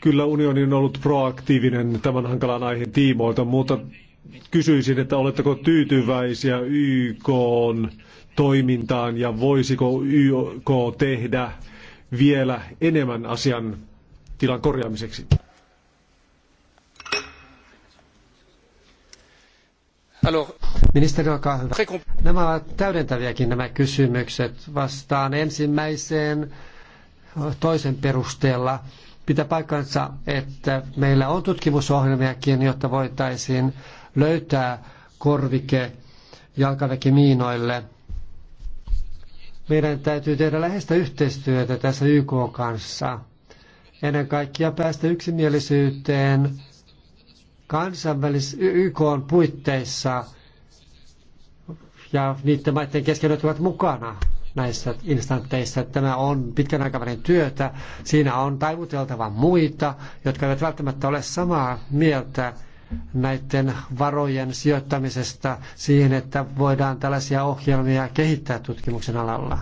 Kyllä unioni on ollut proaktiivinen tämän hankalan aiheen tiimoilta, mutta kysyisin, että oletteko tyytyväisiä YKn on toimintaan ja voisiko YK tehdä vielä enemmän asian tilan korjaamiseksi? Ministeri, olkaa hyvä. Nämä ovat täydentäviäkin nämä kysymykset. Vastaan ensimmäiseen toisen perusteella. Pitää paikkansa, että meillä on tutkimusohjelmiakin, jotta voitaisiin löytää korvike jalkaväkimiinoille – meidän täytyy tehdä läheistä yhteistyötä tässä YK kanssa. Ennen kaikkea päästä yksimielisyyteen kansainvälis YK puitteissa ja niiden maiden kesken, jotka ovat mukana näissä instantteissa. Tämä on pitkän aikavälin työtä. Siinä on taivuteltava muita, jotka eivät välttämättä ole samaa mieltä näiden varojen sijoittamisesta siihen, että voidaan tällaisia ohjelmia kehittää tutkimuksen alalla.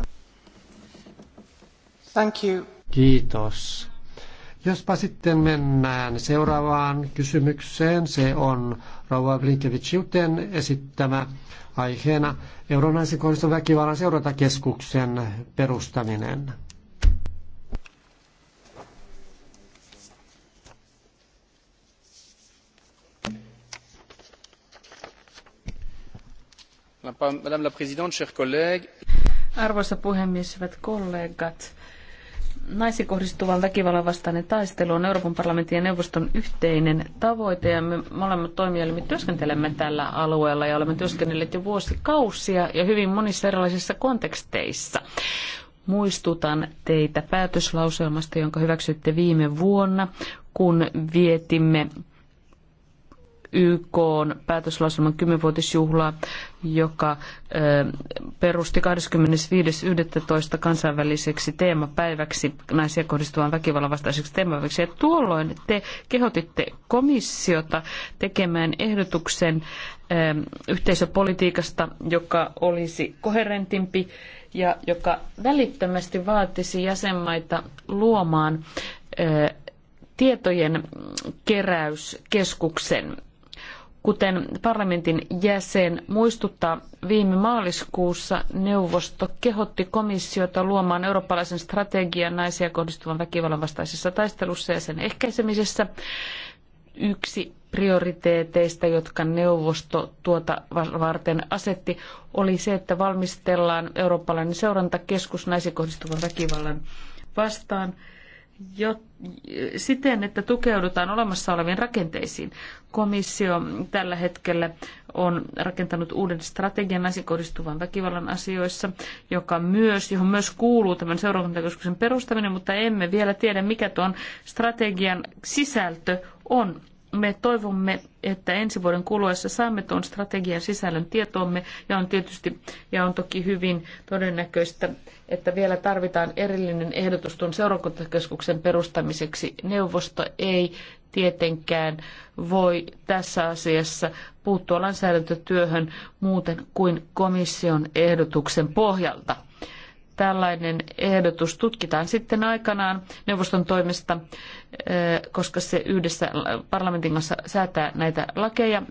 Thank you. Kiitos. Jospa sitten mennään seuraavaan kysymykseen. Se on Rauha Blinkevichiuten esittämä aiheena Euronaisen kohdiston väkivallan seurantakeskuksen perustaminen. Arvoisa puhemies, hyvät kollegat. Naisiin kohdistuvan väkivallan vastainen taistelu on Euroopan parlamentin ja neuvoston yhteinen tavoite ja me molemmat toimielimet työskentelemme tällä alueella ja olemme työskennelleet jo vuosikausia ja hyvin monissa erilaisissa konteksteissa. Muistutan teitä päätöslauselmasta, jonka hyväksyitte viime vuonna, kun vietimme YK on päätöslauselman 10 joka perusti 25.11. kansainväliseksi teemapäiväksi, naisia kohdistuvan väkivallan vastaiseksi teemapäiväksi. Ja tuolloin te kehotitte komissiota tekemään ehdotuksen yhteisöpolitiikasta, joka olisi koherentimpi ja joka välittömästi vaatisi jäsenmaita luomaan tietojen keräyskeskuksen Kuten parlamentin jäsen muistuttaa, viime maaliskuussa neuvosto kehotti komissiota luomaan eurooppalaisen strategian naisia kohdistuvan väkivallan vastaisessa taistelussa ja sen ehkäisemisessä. Yksi prioriteeteista, jotka neuvosto tuota varten asetti, oli se, että valmistellaan eurooppalainen seurantakeskus naisiin kohdistuvan väkivallan vastaan – jo, siten, että tukeudutaan olemassa oleviin rakenteisiin. Komissio tällä hetkellä on rakentanut uuden strategian naisiin kohdistuvan väkivallan asioissa, joka myös, johon myös kuuluu tämän seurantakeskuksen perustaminen, mutta emme vielä tiedä, mikä tuon strategian sisältö on me toivomme, että ensi vuoden kuluessa saamme tuon strategian sisällön tietoomme ja on tietysti ja on toki hyvin todennäköistä, että vielä tarvitaan erillinen ehdotus tuon seurakuntakeskuksen perustamiseksi. Neuvosto ei tietenkään voi tässä asiassa puuttua lainsäädäntötyöhön muuten kuin komission ehdotuksen pohjalta tällainen ehdotus tutkitaan sitten aikanaan neuvoston toimesta, eh, koska se yhdessä parlamentin kanssa säätää näitä lakeja.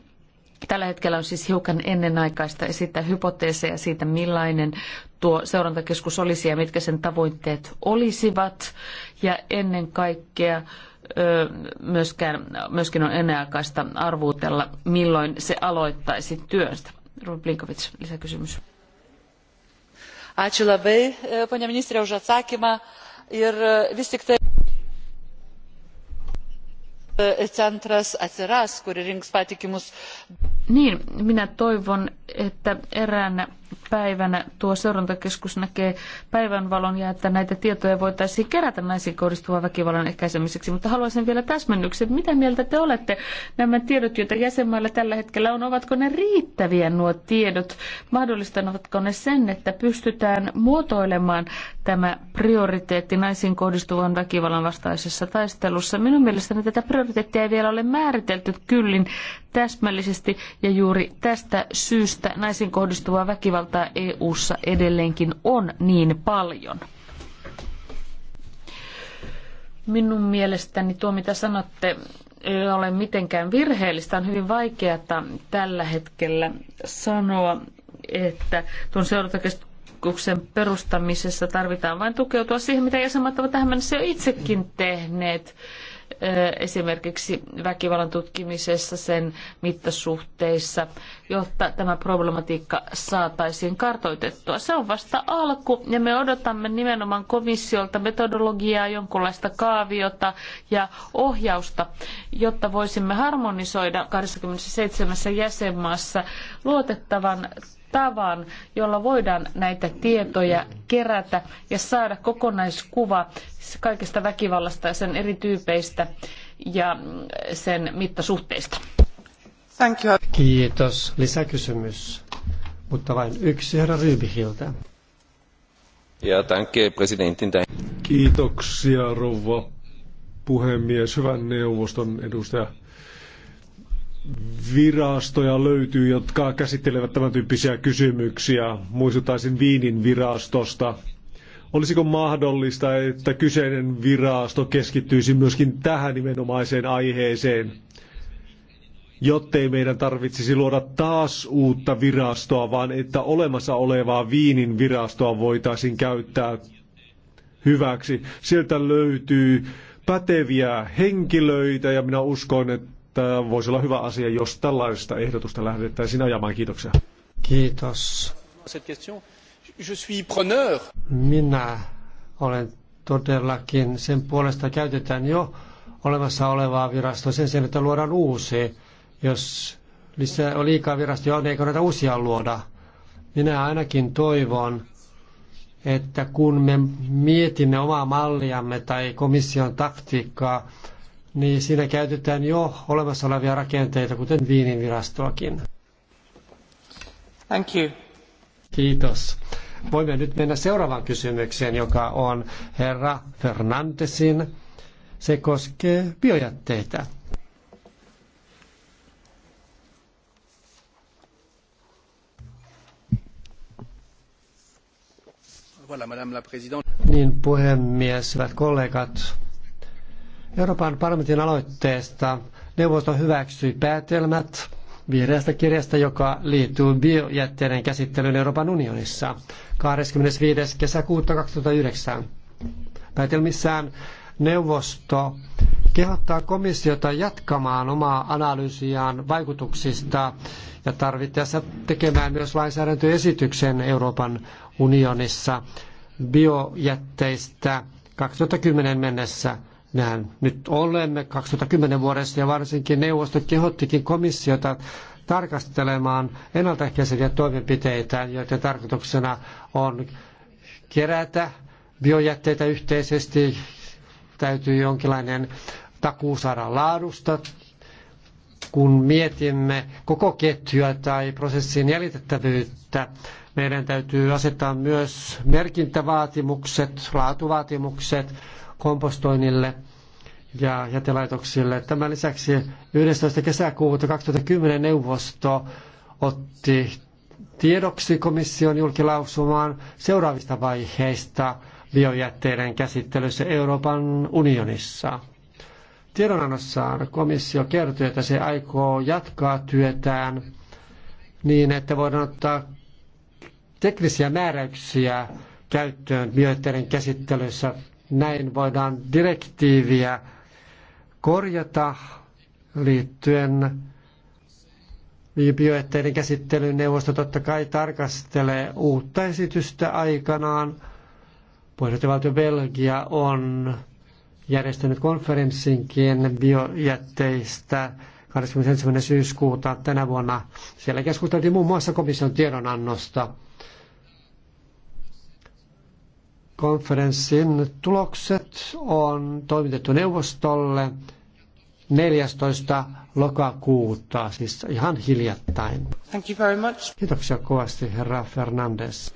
Tällä hetkellä on siis hiukan ennenaikaista esittää hypoteeseja siitä, millainen tuo seurantakeskus olisi ja mitkä sen tavoitteet olisivat. Ja ennen kaikkea eh, myöskään, myöskin on ennenaikaista arvuutella, milloin se aloittaisi työnsä. Ruben Blinkovic, lisäkysymys ačiū labai e, pone ministre už atsakymą ir e, vis tik tai e, centras atsiras, kur rinks patikimus. duomenis. Niin, päivänä tuo seurantakeskus näkee päivänvalon ja että näitä tietoja voitaisiin kerätä naisiin kohdistuvan väkivallan ehkäisemiseksi. Mutta haluaisin vielä täsmennyksen, mitä mieltä te olette nämä tiedot, joita jäsenmailla tällä hetkellä on, ovatko ne riittäviä nuo tiedot? Mahdollistavatko ne sen, että pystytään muotoilemaan tämä prioriteetti naisiin kohdistuvan väkivallan vastaisessa taistelussa? Minun mielestäni tätä prioriteettia ei vielä ole määritelty kyllin täsmällisesti ja juuri tästä syystä naisiin kohdistuvaa väkivaltaa EU:ssa edelleenkin on niin paljon. Minun mielestäni tuo, mitä sanotte, ei ole mitenkään virheellistä. On hyvin vaikeata tällä hetkellä sanoa, että tuon seurantakeskuksen perustamisessa tarvitaan vain tukeutua siihen, mitä jäsenmaat ovat tähän mennessä jo itsekin tehneet esimerkiksi väkivallan tutkimisessa, sen mittasuhteissa jotta tämä problematiikka saataisiin kartoitettua. Se on vasta alku ja me odotamme nimenomaan komissiolta metodologiaa, jonkunlaista kaaviota ja ohjausta, jotta voisimme harmonisoida 27 jäsenmaassa luotettavan tavan, jolla voidaan näitä tietoja kerätä ja saada kokonaiskuva kaikesta väkivallasta ja sen eri tyypeistä ja sen mittasuhteista. Thank you. Kiitos. Lisäkysymys, mutta vain yksi herra Rybihiltä. Ja danke, presidentin. Kiitoksia, rouva puhemies. Hyvän neuvoston edustaja virastoja löytyy, jotka käsittelevät tämän tyyppisiä kysymyksiä. Muistuttaisin Viinin virastosta. Olisiko mahdollista, että kyseinen virasto keskittyisi myöskin tähän nimenomaiseen aiheeseen? jottei meidän tarvitsisi luoda taas uutta virastoa, vaan että olemassa olevaa viinin virastoa voitaisiin käyttää hyväksi. Sieltä löytyy päteviä henkilöitä ja minä uskon, että voisi olla hyvä asia, jos tällaista ehdotusta lähdettäisiin ajamaan. Kiitoksia. Kiitos. Minä olen todellakin sen puolesta käytetään jo olemassa olevaa virastoa sen sijaan, että luodaan uusi. Jos lisää on liikaa virastoja niin ei kannata uusia luoda? Minä ainakin toivon, että kun me mietimme omaa malliamme tai komission taktiikkaa, niin siinä käytetään jo olemassa olevia rakenteita, kuten Viinin virastoakin. Thank you. Kiitos. Voimme nyt mennä seuraavaan kysymykseen, joka on herra Fernandesin. Se koskee biojätteitä. Niin, puhemies, hyvät kollegat. Euroopan parlamentin aloitteesta neuvosto hyväksyi päätelmät vihreästä kirjasta, joka liittyy biojätteiden käsittelyyn Euroopan unionissa 25. kesäkuuta 2009. Päätelmissään neuvosto kehottaa komissiota jatkamaan omaa analyysiaan vaikutuksista ja tarvittaessa tekemään myös lainsäädäntöesityksen Euroopan unionissa biojätteistä 2010 mennessä. Mehän nyt olemme 2010 vuodessa ja varsinkin neuvosto kehottikin komissiota tarkastelemaan ennaltaehkäiseviä toimenpiteitä, joiden tarkoituksena on kerätä biojätteitä yhteisesti. Täytyy jonkinlainen takuu saada laadusta kun mietimme koko ketjua tai prosessin jäljitettävyyttä, meidän täytyy asettaa myös merkintävaatimukset, laatuvaatimukset kompostoinnille ja jätelaitoksille. Tämän lisäksi 11. kesäkuuta 2010 neuvosto otti tiedoksi komission julkilausumaan seuraavista vaiheista biojätteiden käsittelyssä Euroopan unionissa. Tiedonannossaan komissio kertoi, että se aikoo jatkaa työtään niin, että voidaan ottaa teknisiä määräyksiä käyttöön bioitteiden käsittelyssä. Näin voidaan direktiiviä korjata liittyen bioetteiden käsittelyyn. neuvosto totta kai tarkastelee uutta esitystä aikanaan. Puheenjohtajavaltio Belgia on järjestänyt konferenssinkin biojätteistä 21. syyskuuta tänä vuonna. Siellä keskusteltiin muun muassa komission tiedonannosta. Konferenssin tulokset on toimitettu neuvostolle 14. lokakuuta, siis ihan hiljattain. Thank you very much. Kiitoksia kovasti, herra Fernandes.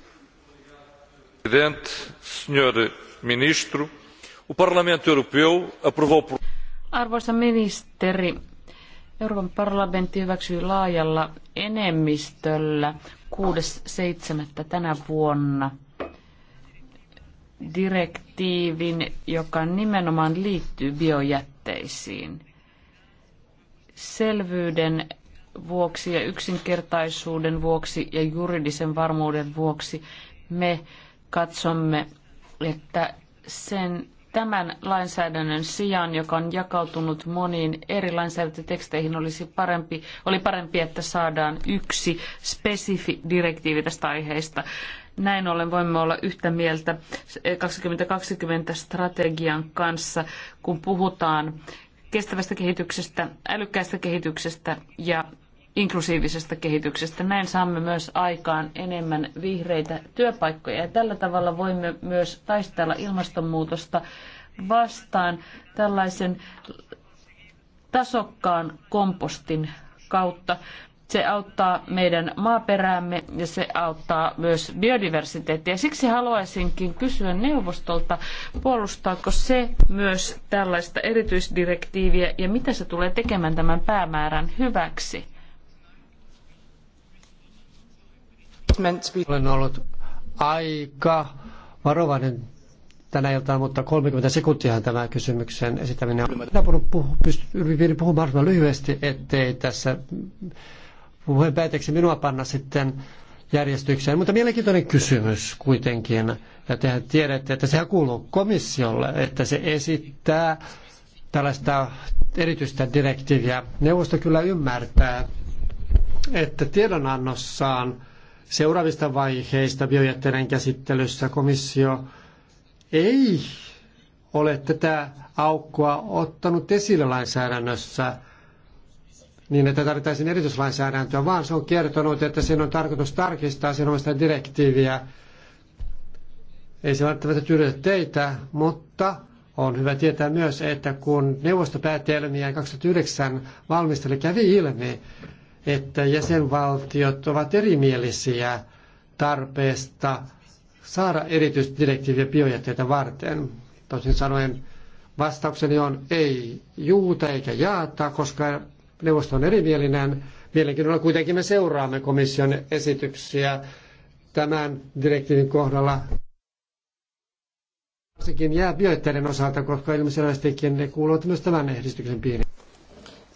President, signori ministro, Arvoisa ministeri, Euroopan parlamentti hyväksyi laajalla enemmistöllä 6.7. tänä vuonna direktiivin, joka nimenomaan liittyy biojätteisiin. Selvyyden vuoksi ja yksinkertaisuuden vuoksi ja juridisen varmuuden vuoksi me katsomme, että sen tämän lainsäädännön sijaan, joka on jakautunut moniin eri lainsäädäntöteksteihin, olisi parempi, oli parempi, että saadaan yksi spesifi direktiivi tästä aiheesta. Näin ollen voimme olla yhtä mieltä 2020-strategian kanssa, kun puhutaan kestävästä kehityksestä, älykkäästä kehityksestä ja inklusiivisesta kehityksestä. Näin saamme myös aikaan enemmän vihreitä työpaikkoja ja tällä tavalla voimme myös taistella ilmastonmuutosta vastaan tällaisen tasokkaan kompostin kautta. Se auttaa meidän maaperäämme ja se auttaa myös biodiversiteettiä. Siksi haluaisinkin kysyä neuvostolta, puolustaako se myös tällaista erityisdirektiiviä ja mitä se tulee tekemään tämän päämäärän hyväksi? Olen ollut aika varovainen tänä iltana, mutta 30 sekuntiahan tämä kysymyksen esittäminen on. Minä puhun, pyrin puhumaan mahdollisimman lyhyesti, ettei tässä puheen päätteeksi minua panna sitten järjestykseen. Mutta mielenkiintoinen kysymys kuitenkin, ja tehän tiedätte, että sehän kuuluu komissiolle, että se esittää tällaista erityistä direktiiviä. Neuvosto kyllä ymmärtää, että tiedonannossaan seuraavista vaiheista biojätteiden käsittelyssä komissio ei ole tätä aukkoa ottanut esille lainsäädännössä niin, että tarvittaisiin erityislainsäädäntöä, vaan se on kertonut, että sen on tarkoitus tarkistaa sen omasta direktiiviä. Ei se välttämättä tyydytä teitä, mutta on hyvä tietää myös, että kun neuvostopäätelmiä 2009 valmisteli kävi ilmi, että jäsenvaltiot ovat erimielisiä tarpeesta saada erityisdirektiiviä biojätteitä varten. Tosin sanoen vastaukseni on ei juuta eikä jaata, koska neuvosto on erimielinen. Mielenkiinnolla kuitenkin me seuraamme komission esityksiä tämän direktiivin kohdalla. Varsinkin jää biojätteiden osalta, koska ilmiselvästikin ne kuuluvat myös tämän ehdistyksen piiriin.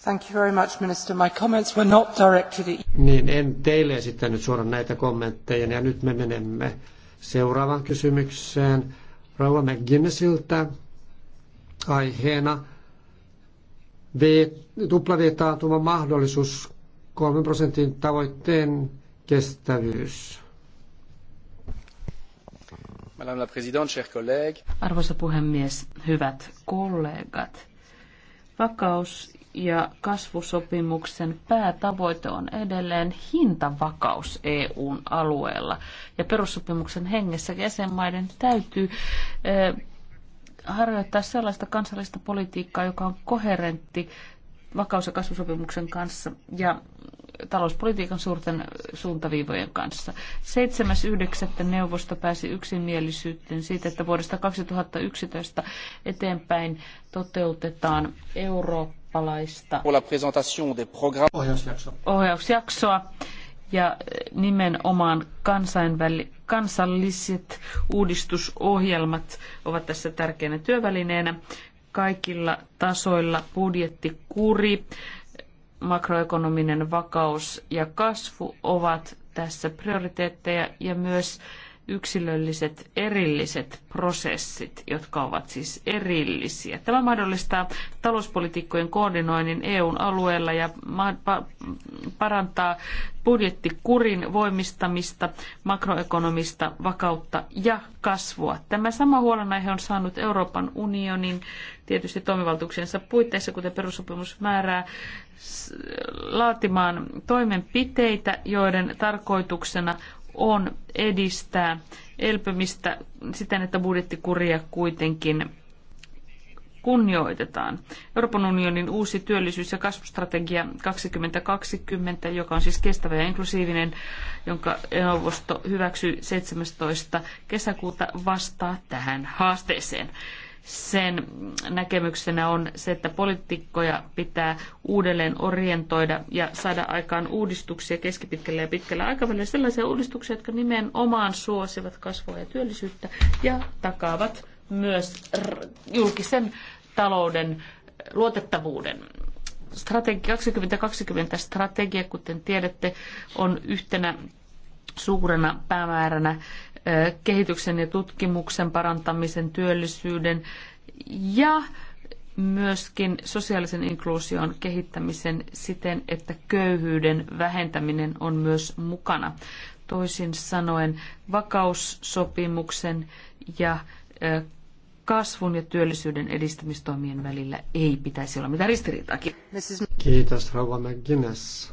Thank you very much, Minister. My comments were not directed at... Niin, en teille esittänyt suoraan näitä kommentteja, ja nyt me menemme seuraavaan kysymykseen. Rauha McGinnisiltä aiheena tuplavietaantuma mahdollisuus 3 prosentin tavoitteen kestävyys. Madame la Présidente, chers collègues. Arvoisa puhemies, hyvät kollegat. Vakaus ja kasvusopimuksen päätavoite on edelleen hintavakaus EUn alueella. Ja perussopimuksen hengessä jäsenmaiden täytyy harjoittaa sellaista kansallista politiikkaa, joka on koherentti vakaus- ja kasvusopimuksen kanssa ja talouspolitiikan suurten suuntaviivojen kanssa. 7.9. neuvosto pääsi yksimielisyyteen siitä, että vuodesta 2011 eteenpäin toteutetaan Eurooppa eurooppalaista ohjausjaksoa ja eh, nimenomaan kansainväli- kansalliset uudistusohjelmat ovat tässä tärkeänä työvälineenä kaikilla tasoilla budjettikuri, makroekonominen vakaus ja kasvu ovat tässä prioriteetteja ja myös yksilölliset erilliset prosessit, jotka ovat siis erillisiä. Tämä mahdollistaa talouspolitiikkojen koordinoinnin EUn alueella ja parantaa budjettikurin voimistamista, makroekonomista vakautta ja kasvua. Tämä sama huolenaihe on saanut Euroopan unionin tietysti toimivaltuuksiensa puitteissa, kuten perussopimus määrää, laatimaan toimenpiteitä, joiden tarkoituksena on edistää elpymistä siten, että budjettikuria kuitenkin kunnioitetaan. Euroopan unionin uusi työllisyys- ja kasvustrategia 2020, joka on siis kestävä ja inklusiivinen, jonka neuvosto hyväksyi 17. kesäkuuta, vastaa tähän haasteeseen sen näkemyksenä on se, että poliitikkoja pitää uudelleen orientoida ja saada aikaan uudistuksia keskipitkällä ja pitkällä aikavälillä. Sellaisia uudistuksia, jotka nimenomaan suosivat kasvua ja työllisyyttä ja takaavat myös julkisen talouden luotettavuuden. Strategia 2020 strategia, kuten tiedätte, on yhtenä suurena päämääränä kehityksen ja tutkimuksen parantamisen, työllisyyden ja myöskin sosiaalisen inkluusion kehittämisen siten, että köyhyyden vähentäminen on myös mukana. Toisin sanoen vakaussopimuksen ja kasvun ja työllisyyden edistämistoimien välillä ei pitäisi olla mitään ristiriitaakin. Kiitos, Rouva McGuinness.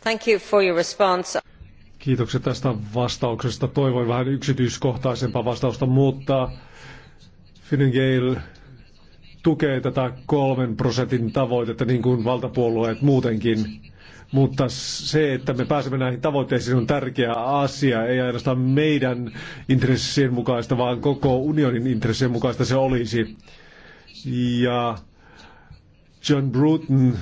Thank you for your response. Kiitokset tästä vastauksesta. Toivoin vähän yksityiskohtaisempaa vastausta, mutta Finnegale tukee tätä kolmen prosentin tavoitetta niin kuin valtapuolueet muutenkin. Mutta se, että me pääsemme näihin tavoitteisiin on tärkeä asia, ei ainoastaan meidän intressien mukaista, vaan koko unionin intressien mukaista se olisi. Ja John Bruton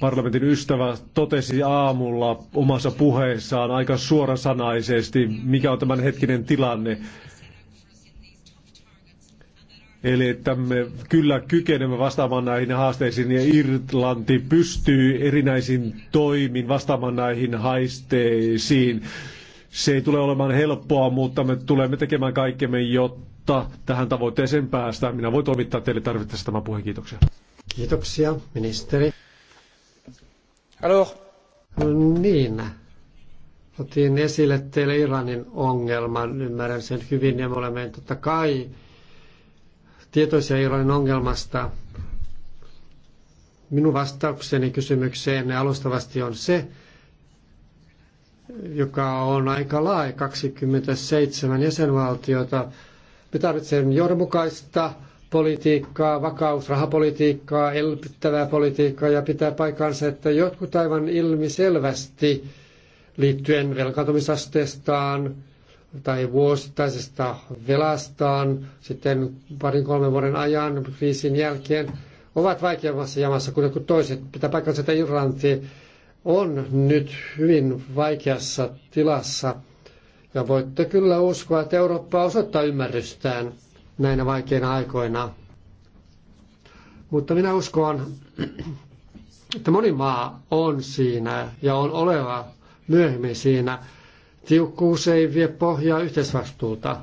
parlamentin ystävä totesi aamulla omassa puheessaan aika suorasanaisesti, mikä on tämän hetkinen tilanne. Eli että me kyllä kykenemme vastaamaan näihin haasteisiin ja Irlanti pystyy erinäisin toimin vastaamaan näihin haisteisiin. Se ei tule olemaan helppoa, mutta me tulemme tekemään kaikkemme, jotta tähän tavoitteeseen päästään. Minä voin toimittaa teille tarvittaessa tämän puheen. Kiitoksia. Kiitoksia, ministeri. Alors. No niin. Otin esille teille Iranin ongelman, ymmärrän sen hyvin ja me olemme totta kai tietoisia Iranin ongelmasta. Minun vastaukseni kysymykseen alustavasti on se, joka on aika laaja, 27 jäsenvaltiota. Me tarvitsemme johdonmukaista politiikkaa, vakausrahapolitiikkaa, elvyttävää politiikkaa ja pitää paikansa, että jotkut aivan ilmiselvästi liittyen velkaantumisasteestaan tai vuosittaisesta velastaan sitten parin kolmen vuoden ajan kriisin jälkeen ovat vaikeammassa jamassa kuin jotkut toiset. Pitää paikansa, että Irlanti on nyt hyvin vaikeassa tilassa ja voitte kyllä uskoa, että Eurooppa osoittaa ymmärrystään – näinä vaikeina aikoina. Mutta minä uskon, että moni maa on siinä ja on oleva myöhemmin siinä. Tiukkuus ei vie pohjaa yhteisvastuulta.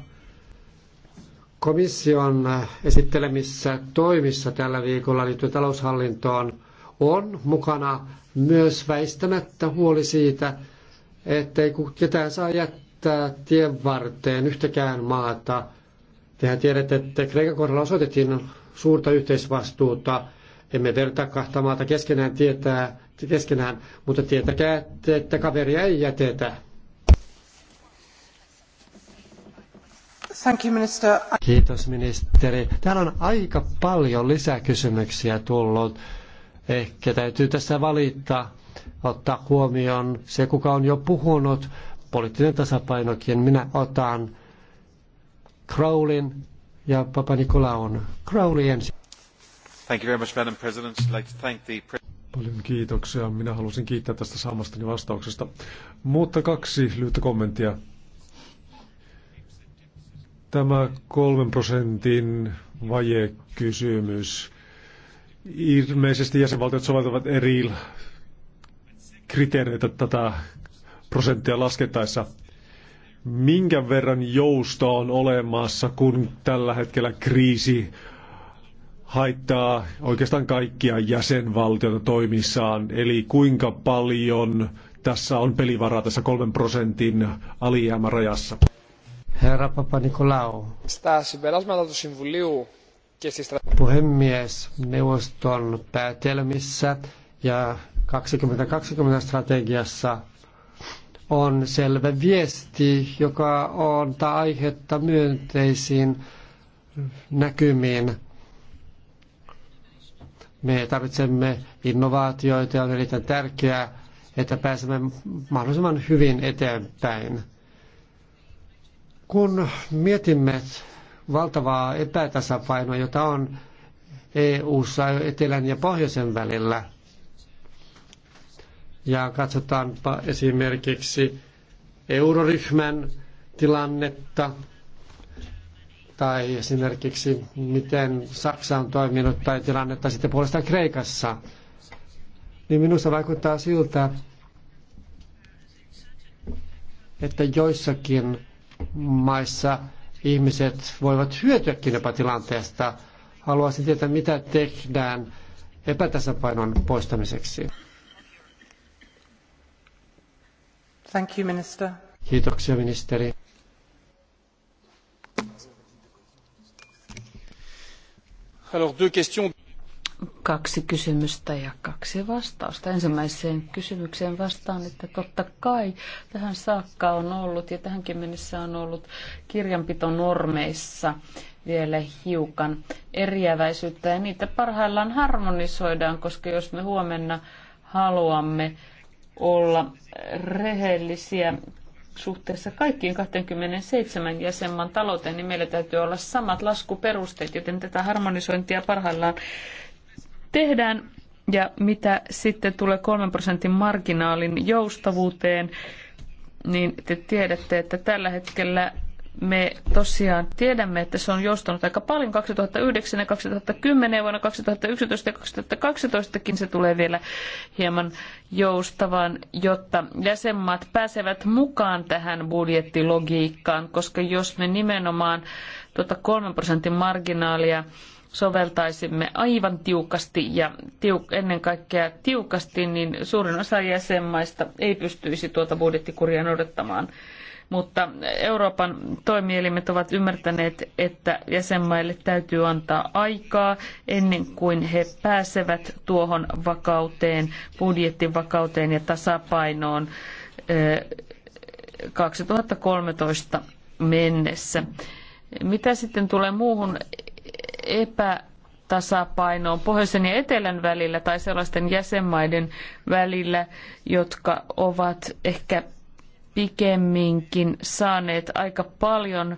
Komission esittelemissä toimissa tällä viikolla liittyen taloushallintoon on mukana myös väistämättä huoli siitä, ettei ketään saa jättää tien varteen yhtäkään maata – Tehän tiedätte, että Kreikan kohdalla osoitettiin suurta yhteisvastuuta. Emme vertaa kahta maata keskenään, tietää, keskenään mutta tietäkää, että kaveria ei jätetä. Thank you, minister. Kiitos ministeri. Täällä on aika paljon lisäkysymyksiä tullut. Ehkä täytyy tässä valita, ottaa huomioon se, kuka on jo puhunut. Poliittinen tasapainokin minä otan Crowlin ja Papa Nikolaon. Crowley ensin. Thank you very much, Madam President. I'd like to thank the... Paljon kiitoksia. Minä halusin kiittää tästä saamastani vastauksesta. Mutta kaksi lyhyttä kommenttia. Tämä kolmen prosentin vajekysymys. Ilmeisesti jäsenvaltiot soveltavat eri kriteereitä tätä prosenttia laskettaessa minkä verran jousta on olemassa, kun tällä hetkellä kriisi haittaa oikeastaan kaikkia jäsenvaltioita toimissaan, eli kuinka paljon tässä on pelivaraa tässä kolmen prosentin alijäämärajassa. Herra Papanikolaou. Puhemies, neuvoston päätelmissä ja 2020 strategiassa on selvä viesti, joka on aihetta myönteisiin näkymiin. Me tarvitsemme innovaatioita ja on erittäin tärkeää, että pääsemme mahdollisimman hyvin eteenpäin. Kun mietimme valtavaa epätasapainoa, jota on EU-ssa etelän ja pohjoisen välillä – ja katsotaanpa esimerkiksi euroryhmän tilannetta tai esimerkiksi miten Saksa on toiminut tai tilannetta sitten puolestaan Kreikassa, niin minusta vaikuttaa siltä, että joissakin maissa ihmiset voivat hyötyäkin jopa tilanteesta. Haluaisin tietää, mitä tehdään epätasapainon poistamiseksi. Thank you, minister. Kiitoksia, ministeri. Kaksi kysymystä ja kaksi vastausta. Ensimmäiseen kysymykseen vastaan, että totta kai tähän saakka on ollut ja tähänkin mennessä on ollut kirjanpitonormeissa vielä hiukan eriäväisyyttä ja niitä parhaillaan harmonisoidaan, koska jos me huomenna haluamme olla rehellisiä suhteessa kaikkiin 27 jäsenmaan talouteen, niin meillä täytyy olla samat laskuperusteet, joten tätä harmonisointia parhaillaan tehdään. Ja mitä sitten tulee 3 prosentin marginaalin joustavuuteen, niin te tiedätte, että tällä hetkellä me tosiaan tiedämme, että se on joustanut aika paljon 2009 ja 2010 ja vuonna 2011 ja 2012kin se tulee vielä hieman joustavan, jotta jäsenmaat pääsevät mukaan tähän budjettilogiikkaan, koska jos me nimenomaan tuota 3 prosentin marginaalia soveltaisimme aivan tiukasti ja ennen kaikkea tiukasti, niin suurin osa jäsenmaista ei pystyisi tuota budjettikuria noudattamaan mutta Euroopan toimielimet ovat ymmärtäneet, että jäsenmaille täytyy antaa aikaa ennen kuin he pääsevät tuohon vakauteen, budjettivakauteen ja tasapainoon 2013 eh, mennessä. Mitä sitten tulee muuhun epä tasapainoon pohjoisen ja etelän välillä tai sellaisten jäsenmaiden välillä, jotka ovat ehkä pikemminkin saaneet aika paljon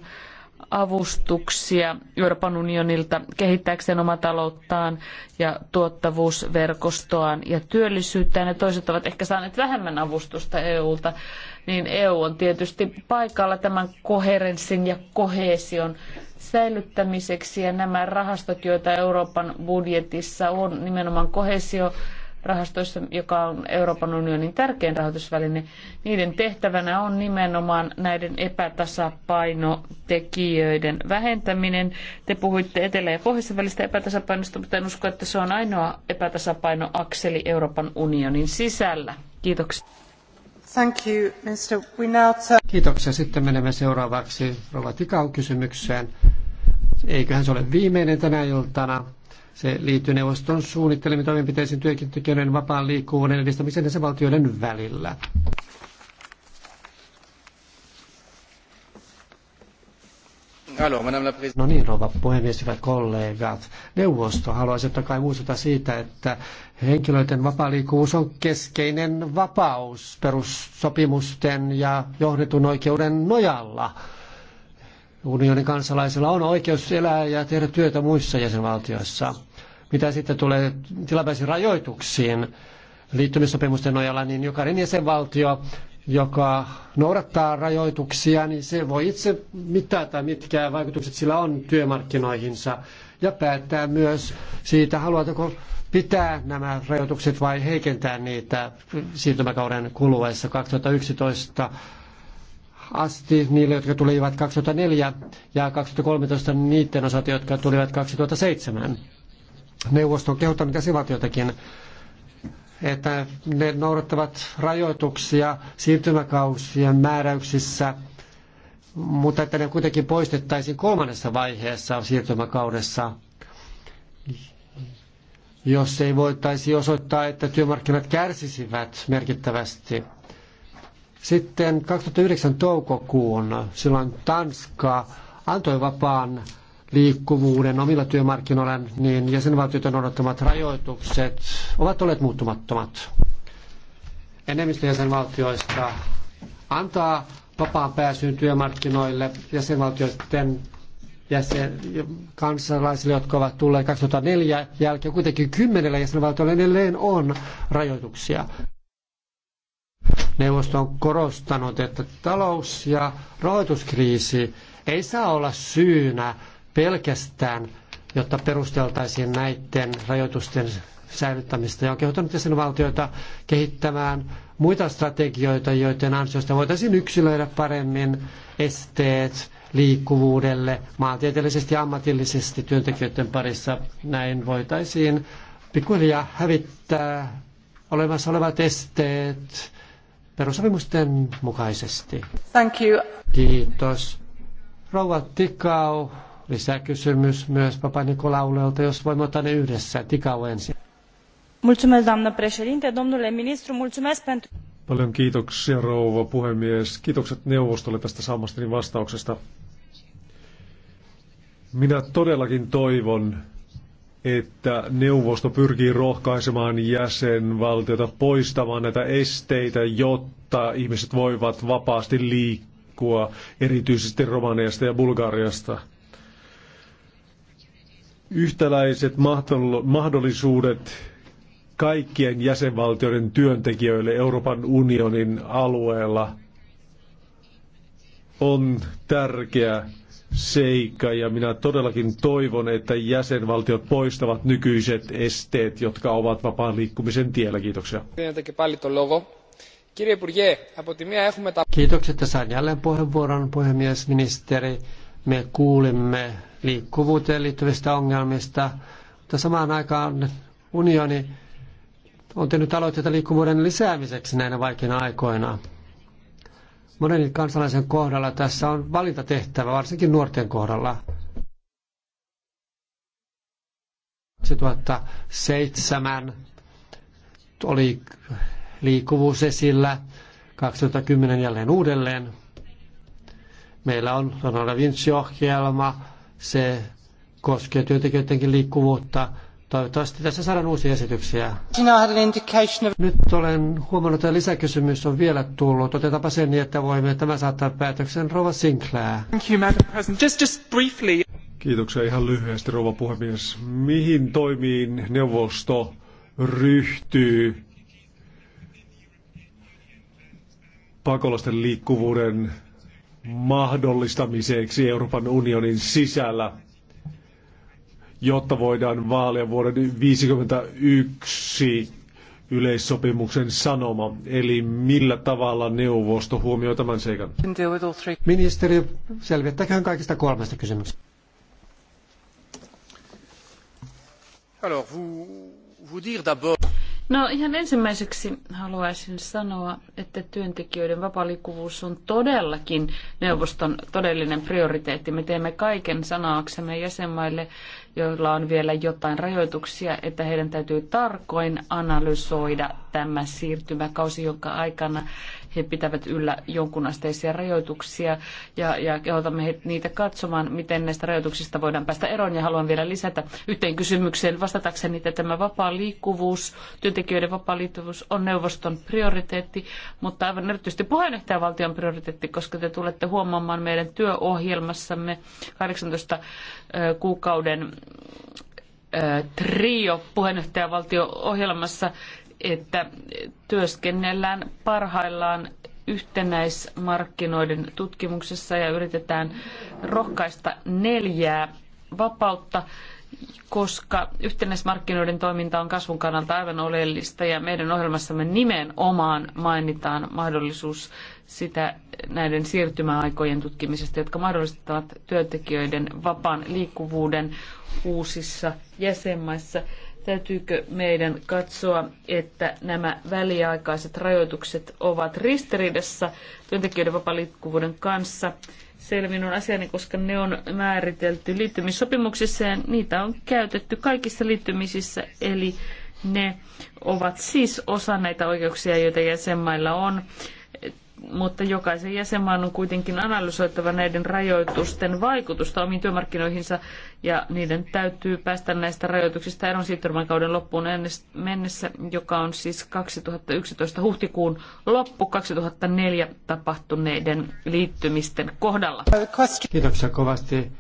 avustuksia Euroopan unionilta kehittääkseen omaa talouttaan ja tuottavuusverkostoaan ja työllisyyttään. Ja toiset ovat ehkä saaneet vähemmän avustusta EUlta, niin EU on tietysti paikalla tämän koherenssin ja koheesion säilyttämiseksi. Ja nämä rahastot, joita Euroopan budjetissa on, nimenomaan kohesio rahastoissa, joka on Euroopan unionin tärkein rahoitusväline, niiden tehtävänä on nimenomaan näiden epätasapainotekijöiden vähentäminen. Te puhuitte etelä- ja pohjoisen välistä epätasapainosta, mutta en usko, että se on ainoa epätasapainoakseli Euroopan unionin sisällä. Kiitoksia. Thank you, Mr. We Kiitoksia. Sitten menemme seuraavaksi Rova Tikau kysymykseen. Eiköhän se ole viimeinen tänä iltana. Se liittyy neuvoston suunnittelemiin toimenpiteisiin työntekijöiden vapaan liikkuvuuden edistämisen valtioiden välillä. No niin, rouva puhemies, hyvät kollegat. Neuvosto haluaisi totta kai muistuta siitä, että henkilöiden vapaa liikkuvuus on keskeinen vapaus perussopimusten ja johdetun oikeuden nojalla. Unionin kansalaisilla on oikeus elää ja tehdä työtä muissa jäsenvaltioissa. Mitä sitten tulee tilapäisiin rajoituksiin liittymissopimusten nojalla, niin jokainen jäsenvaltio, joka noudattaa rajoituksia, niin se voi itse mitata, mitkä vaikutukset sillä on työmarkkinoihinsa ja päättää myös siitä, haluatko pitää nämä rajoitukset vai heikentää niitä siirtymäkauden kuluessa 2011 asti niille, jotka tulivat 2004 ja 2013 niiden osalta, jotka tulivat 2007 neuvosto on kehottanut jäsenvaltioitakin, että ne noudattavat rajoituksia siirtymäkausien määräyksissä, mutta että ne kuitenkin poistettaisiin kolmannessa vaiheessa siirtymäkaudessa, jos ei voitaisi osoittaa, että työmarkkinat kärsisivät merkittävästi. Sitten 2009 toukokuun silloin Tanska antoi vapaan liikkuvuuden omilla työmarkkinoilla, niin jäsenvaltioiden odottamat rajoitukset ovat olleet muuttumattomat. Enemmistö jäsenvaltioista antaa vapaan pääsyn työmarkkinoille jäsenvaltioiden jäsen, kansalaisille, jotka ovat tulleet 2004 jälkeen. Kuitenkin kymmenellä jäsenvaltiolla edelleen on rajoituksia. Neuvosto on korostanut, että talous- ja rahoituskriisi ei saa olla syynä pelkästään, jotta perusteltaisiin näiden rajoitusten säilyttämistä ja on kehottanut jäsenvaltioita kehittämään muita strategioita, joiden ansiosta voitaisiin yksilöidä paremmin esteet liikkuvuudelle maantieteellisesti ja ammatillisesti työntekijöiden parissa. Näin voitaisiin pikkuhiljaa hävittää olemassa olevat esteet perusopimusten mukaisesti. Thank you. Kiitos. Rouva Tikau Lisäkysymys myös Papa Nikolaulelta, jos voimme ottaa ne yhdessä. Tikau ensin. Mulțumesc, doamnă președinte, domnule ministru, mulțumesc pentru... Paljon kiitoksia, rouva puhemies. Kiitokset neuvostolle tästä saamastani vastauksesta. Minä todellakin toivon, että neuvosto pyrkii rohkaisemaan jäsenvaltiota poistamaan näitä esteitä, jotta ihmiset voivat vapaasti liikkua, erityisesti Romaniasta ja Bulgariasta yhtäläiset mahdollisuudet kaikkien jäsenvaltioiden työntekijöille Euroopan unionin alueella on tärkeä seikka ja minä todellakin toivon, että jäsenvaltiot poistavat nykyiset esteet, jotka ovat vapaan liikkumisen tiellä. Kiitoksia. Kiitokset, että sain jälleen puheenvuoron, puhemies, ministeri. Me kuulimme liikkuvuuteen liittyvistä ongelmista, mutta samaan aikaan unioni on tehnyt aloitteita liikkuvuuden lisäämiseksi näinä vaikeina aikoina. Monen kansalaisen kohdalla tässä on valinta tehtävä, varsinkin nuorten kohdalla. 2007 oli liikkuvuus esillä, 2010 jälleen uudelleen. Meillä on Ronald Vinci-ohjelma, se koskee työntekijöidenkin liikkuvuutta. Toivottavasti tässä saadaan uusia esityksiä. Nyt olen huomannut, että lisäkysymys on vielä tullut. Otetaanpa sen niin, että voimme tämä saattaa päätöksen. Rova Sinclair. Thank you, Madam President. Just, just briefly. Kiitoksia ihan lyhyesti, rouva puhemies. Mihin toimiin neuvosto ryhtyy pakolasten liikkuvuuden mahdollistamiseksi Euroopan unionin sisällä, jotta voidaan vaalia vuoden 1951 yleissopimuksen sanoma, eli millä tavalla neuvosto huomioi tämän seikan? Ministeri, selvittäköhän kaikista kolmesta kysymyksestä. Alors, vous, vous dire d'abord... No ihan ensimmäiseksi haluaisin sanoa, että työntekijöiden vapaaliikkuvuus on todellakin neuvoston todellinen prioriteetti. Me teemme kaiken sanaaksemme jäsenmaille, joilla on vielä jotain rajoituksia, että heidän täytyy tarkoin analysoida tämä siirtymäkausi, jonka aikana he pitävät yllä jonkunasteisia rajoituksia ja, ja kehotamme niitä katsomaan, miten näistä rajoituksista voidaan päästä eroon. Ja haluan vielä lisätä yhteen kysymykseen vastatakseni, että tämä vapaa liikkuvuus, työntekijöiden vapaa liikkuvuus on neuvoston prioriteetti, mutta aivan erityisesti puheenjohtajavaltion prioriteetti, koska te tulette huomaamaan meidän työohjelmassamme 18 kuukauden trio puheenjohtajavaltio-ohjelmassa että työskennellään parhaillaan yhtenäismarkkinoiden tutkimuksessa ja yritetään rohkaista neljää vapautta, koska yhtenäismarkkinoiden toiminta on kasvun kannalta aivan oleellista ja meidän ohjelmassamme nimenomaan mainitaan mahdollisuus sitä näiden siirtymäaikojen tutkimisesta, jotka mahdollistavat työntekijöiden vapaan liikkuvuuden uusissa jäsenmaissa Täytyykö meidän katsoa, että nämä väliaikaiset rajoitukset ovat ristiriidassa työntekijöiden vapaan kanssa? Selvin on asiani, koska ne on määritelty liittymissopimuksissa ja niitä on käytetty kaikissa liittymisissä, eli ne ovat siis osa näitä oikeuksia, joita jäsenmailla on mutta jokaisen jäsenmaan on kuitenkin analysoitava näiden rajoitusten vaikutusta omiin työmarkkinoihinsa ja niiden täytyy päästä näistä rajoituksista eron siirtymäkauden loppuun mennessä, joka on siis 2011 huhtikuun loppu 2004 tapahtuneiden liittymisten kohdalla. Kiitoksia kovasti.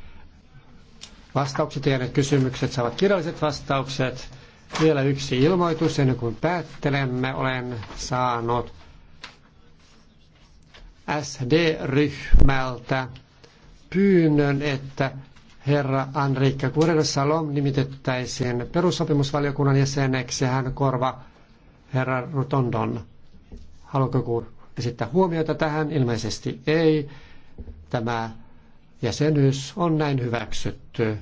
Vastaukset ja kysymykset saavat kirjalliset vastaukset. Vielä yksi ilmoitus ennen kuin päättelemme. Olen saanut SD-ryhmältä pyynnön, että herra Anriikka Kurel Salom nimitettäisiin perussopimusvaliokunnan jäseneksi ja hän korva herra Rotondon. Haluatko esittää huomiota tähän? Ilmeisesti ei. Tämä jäsenyys on näin hyväksytty.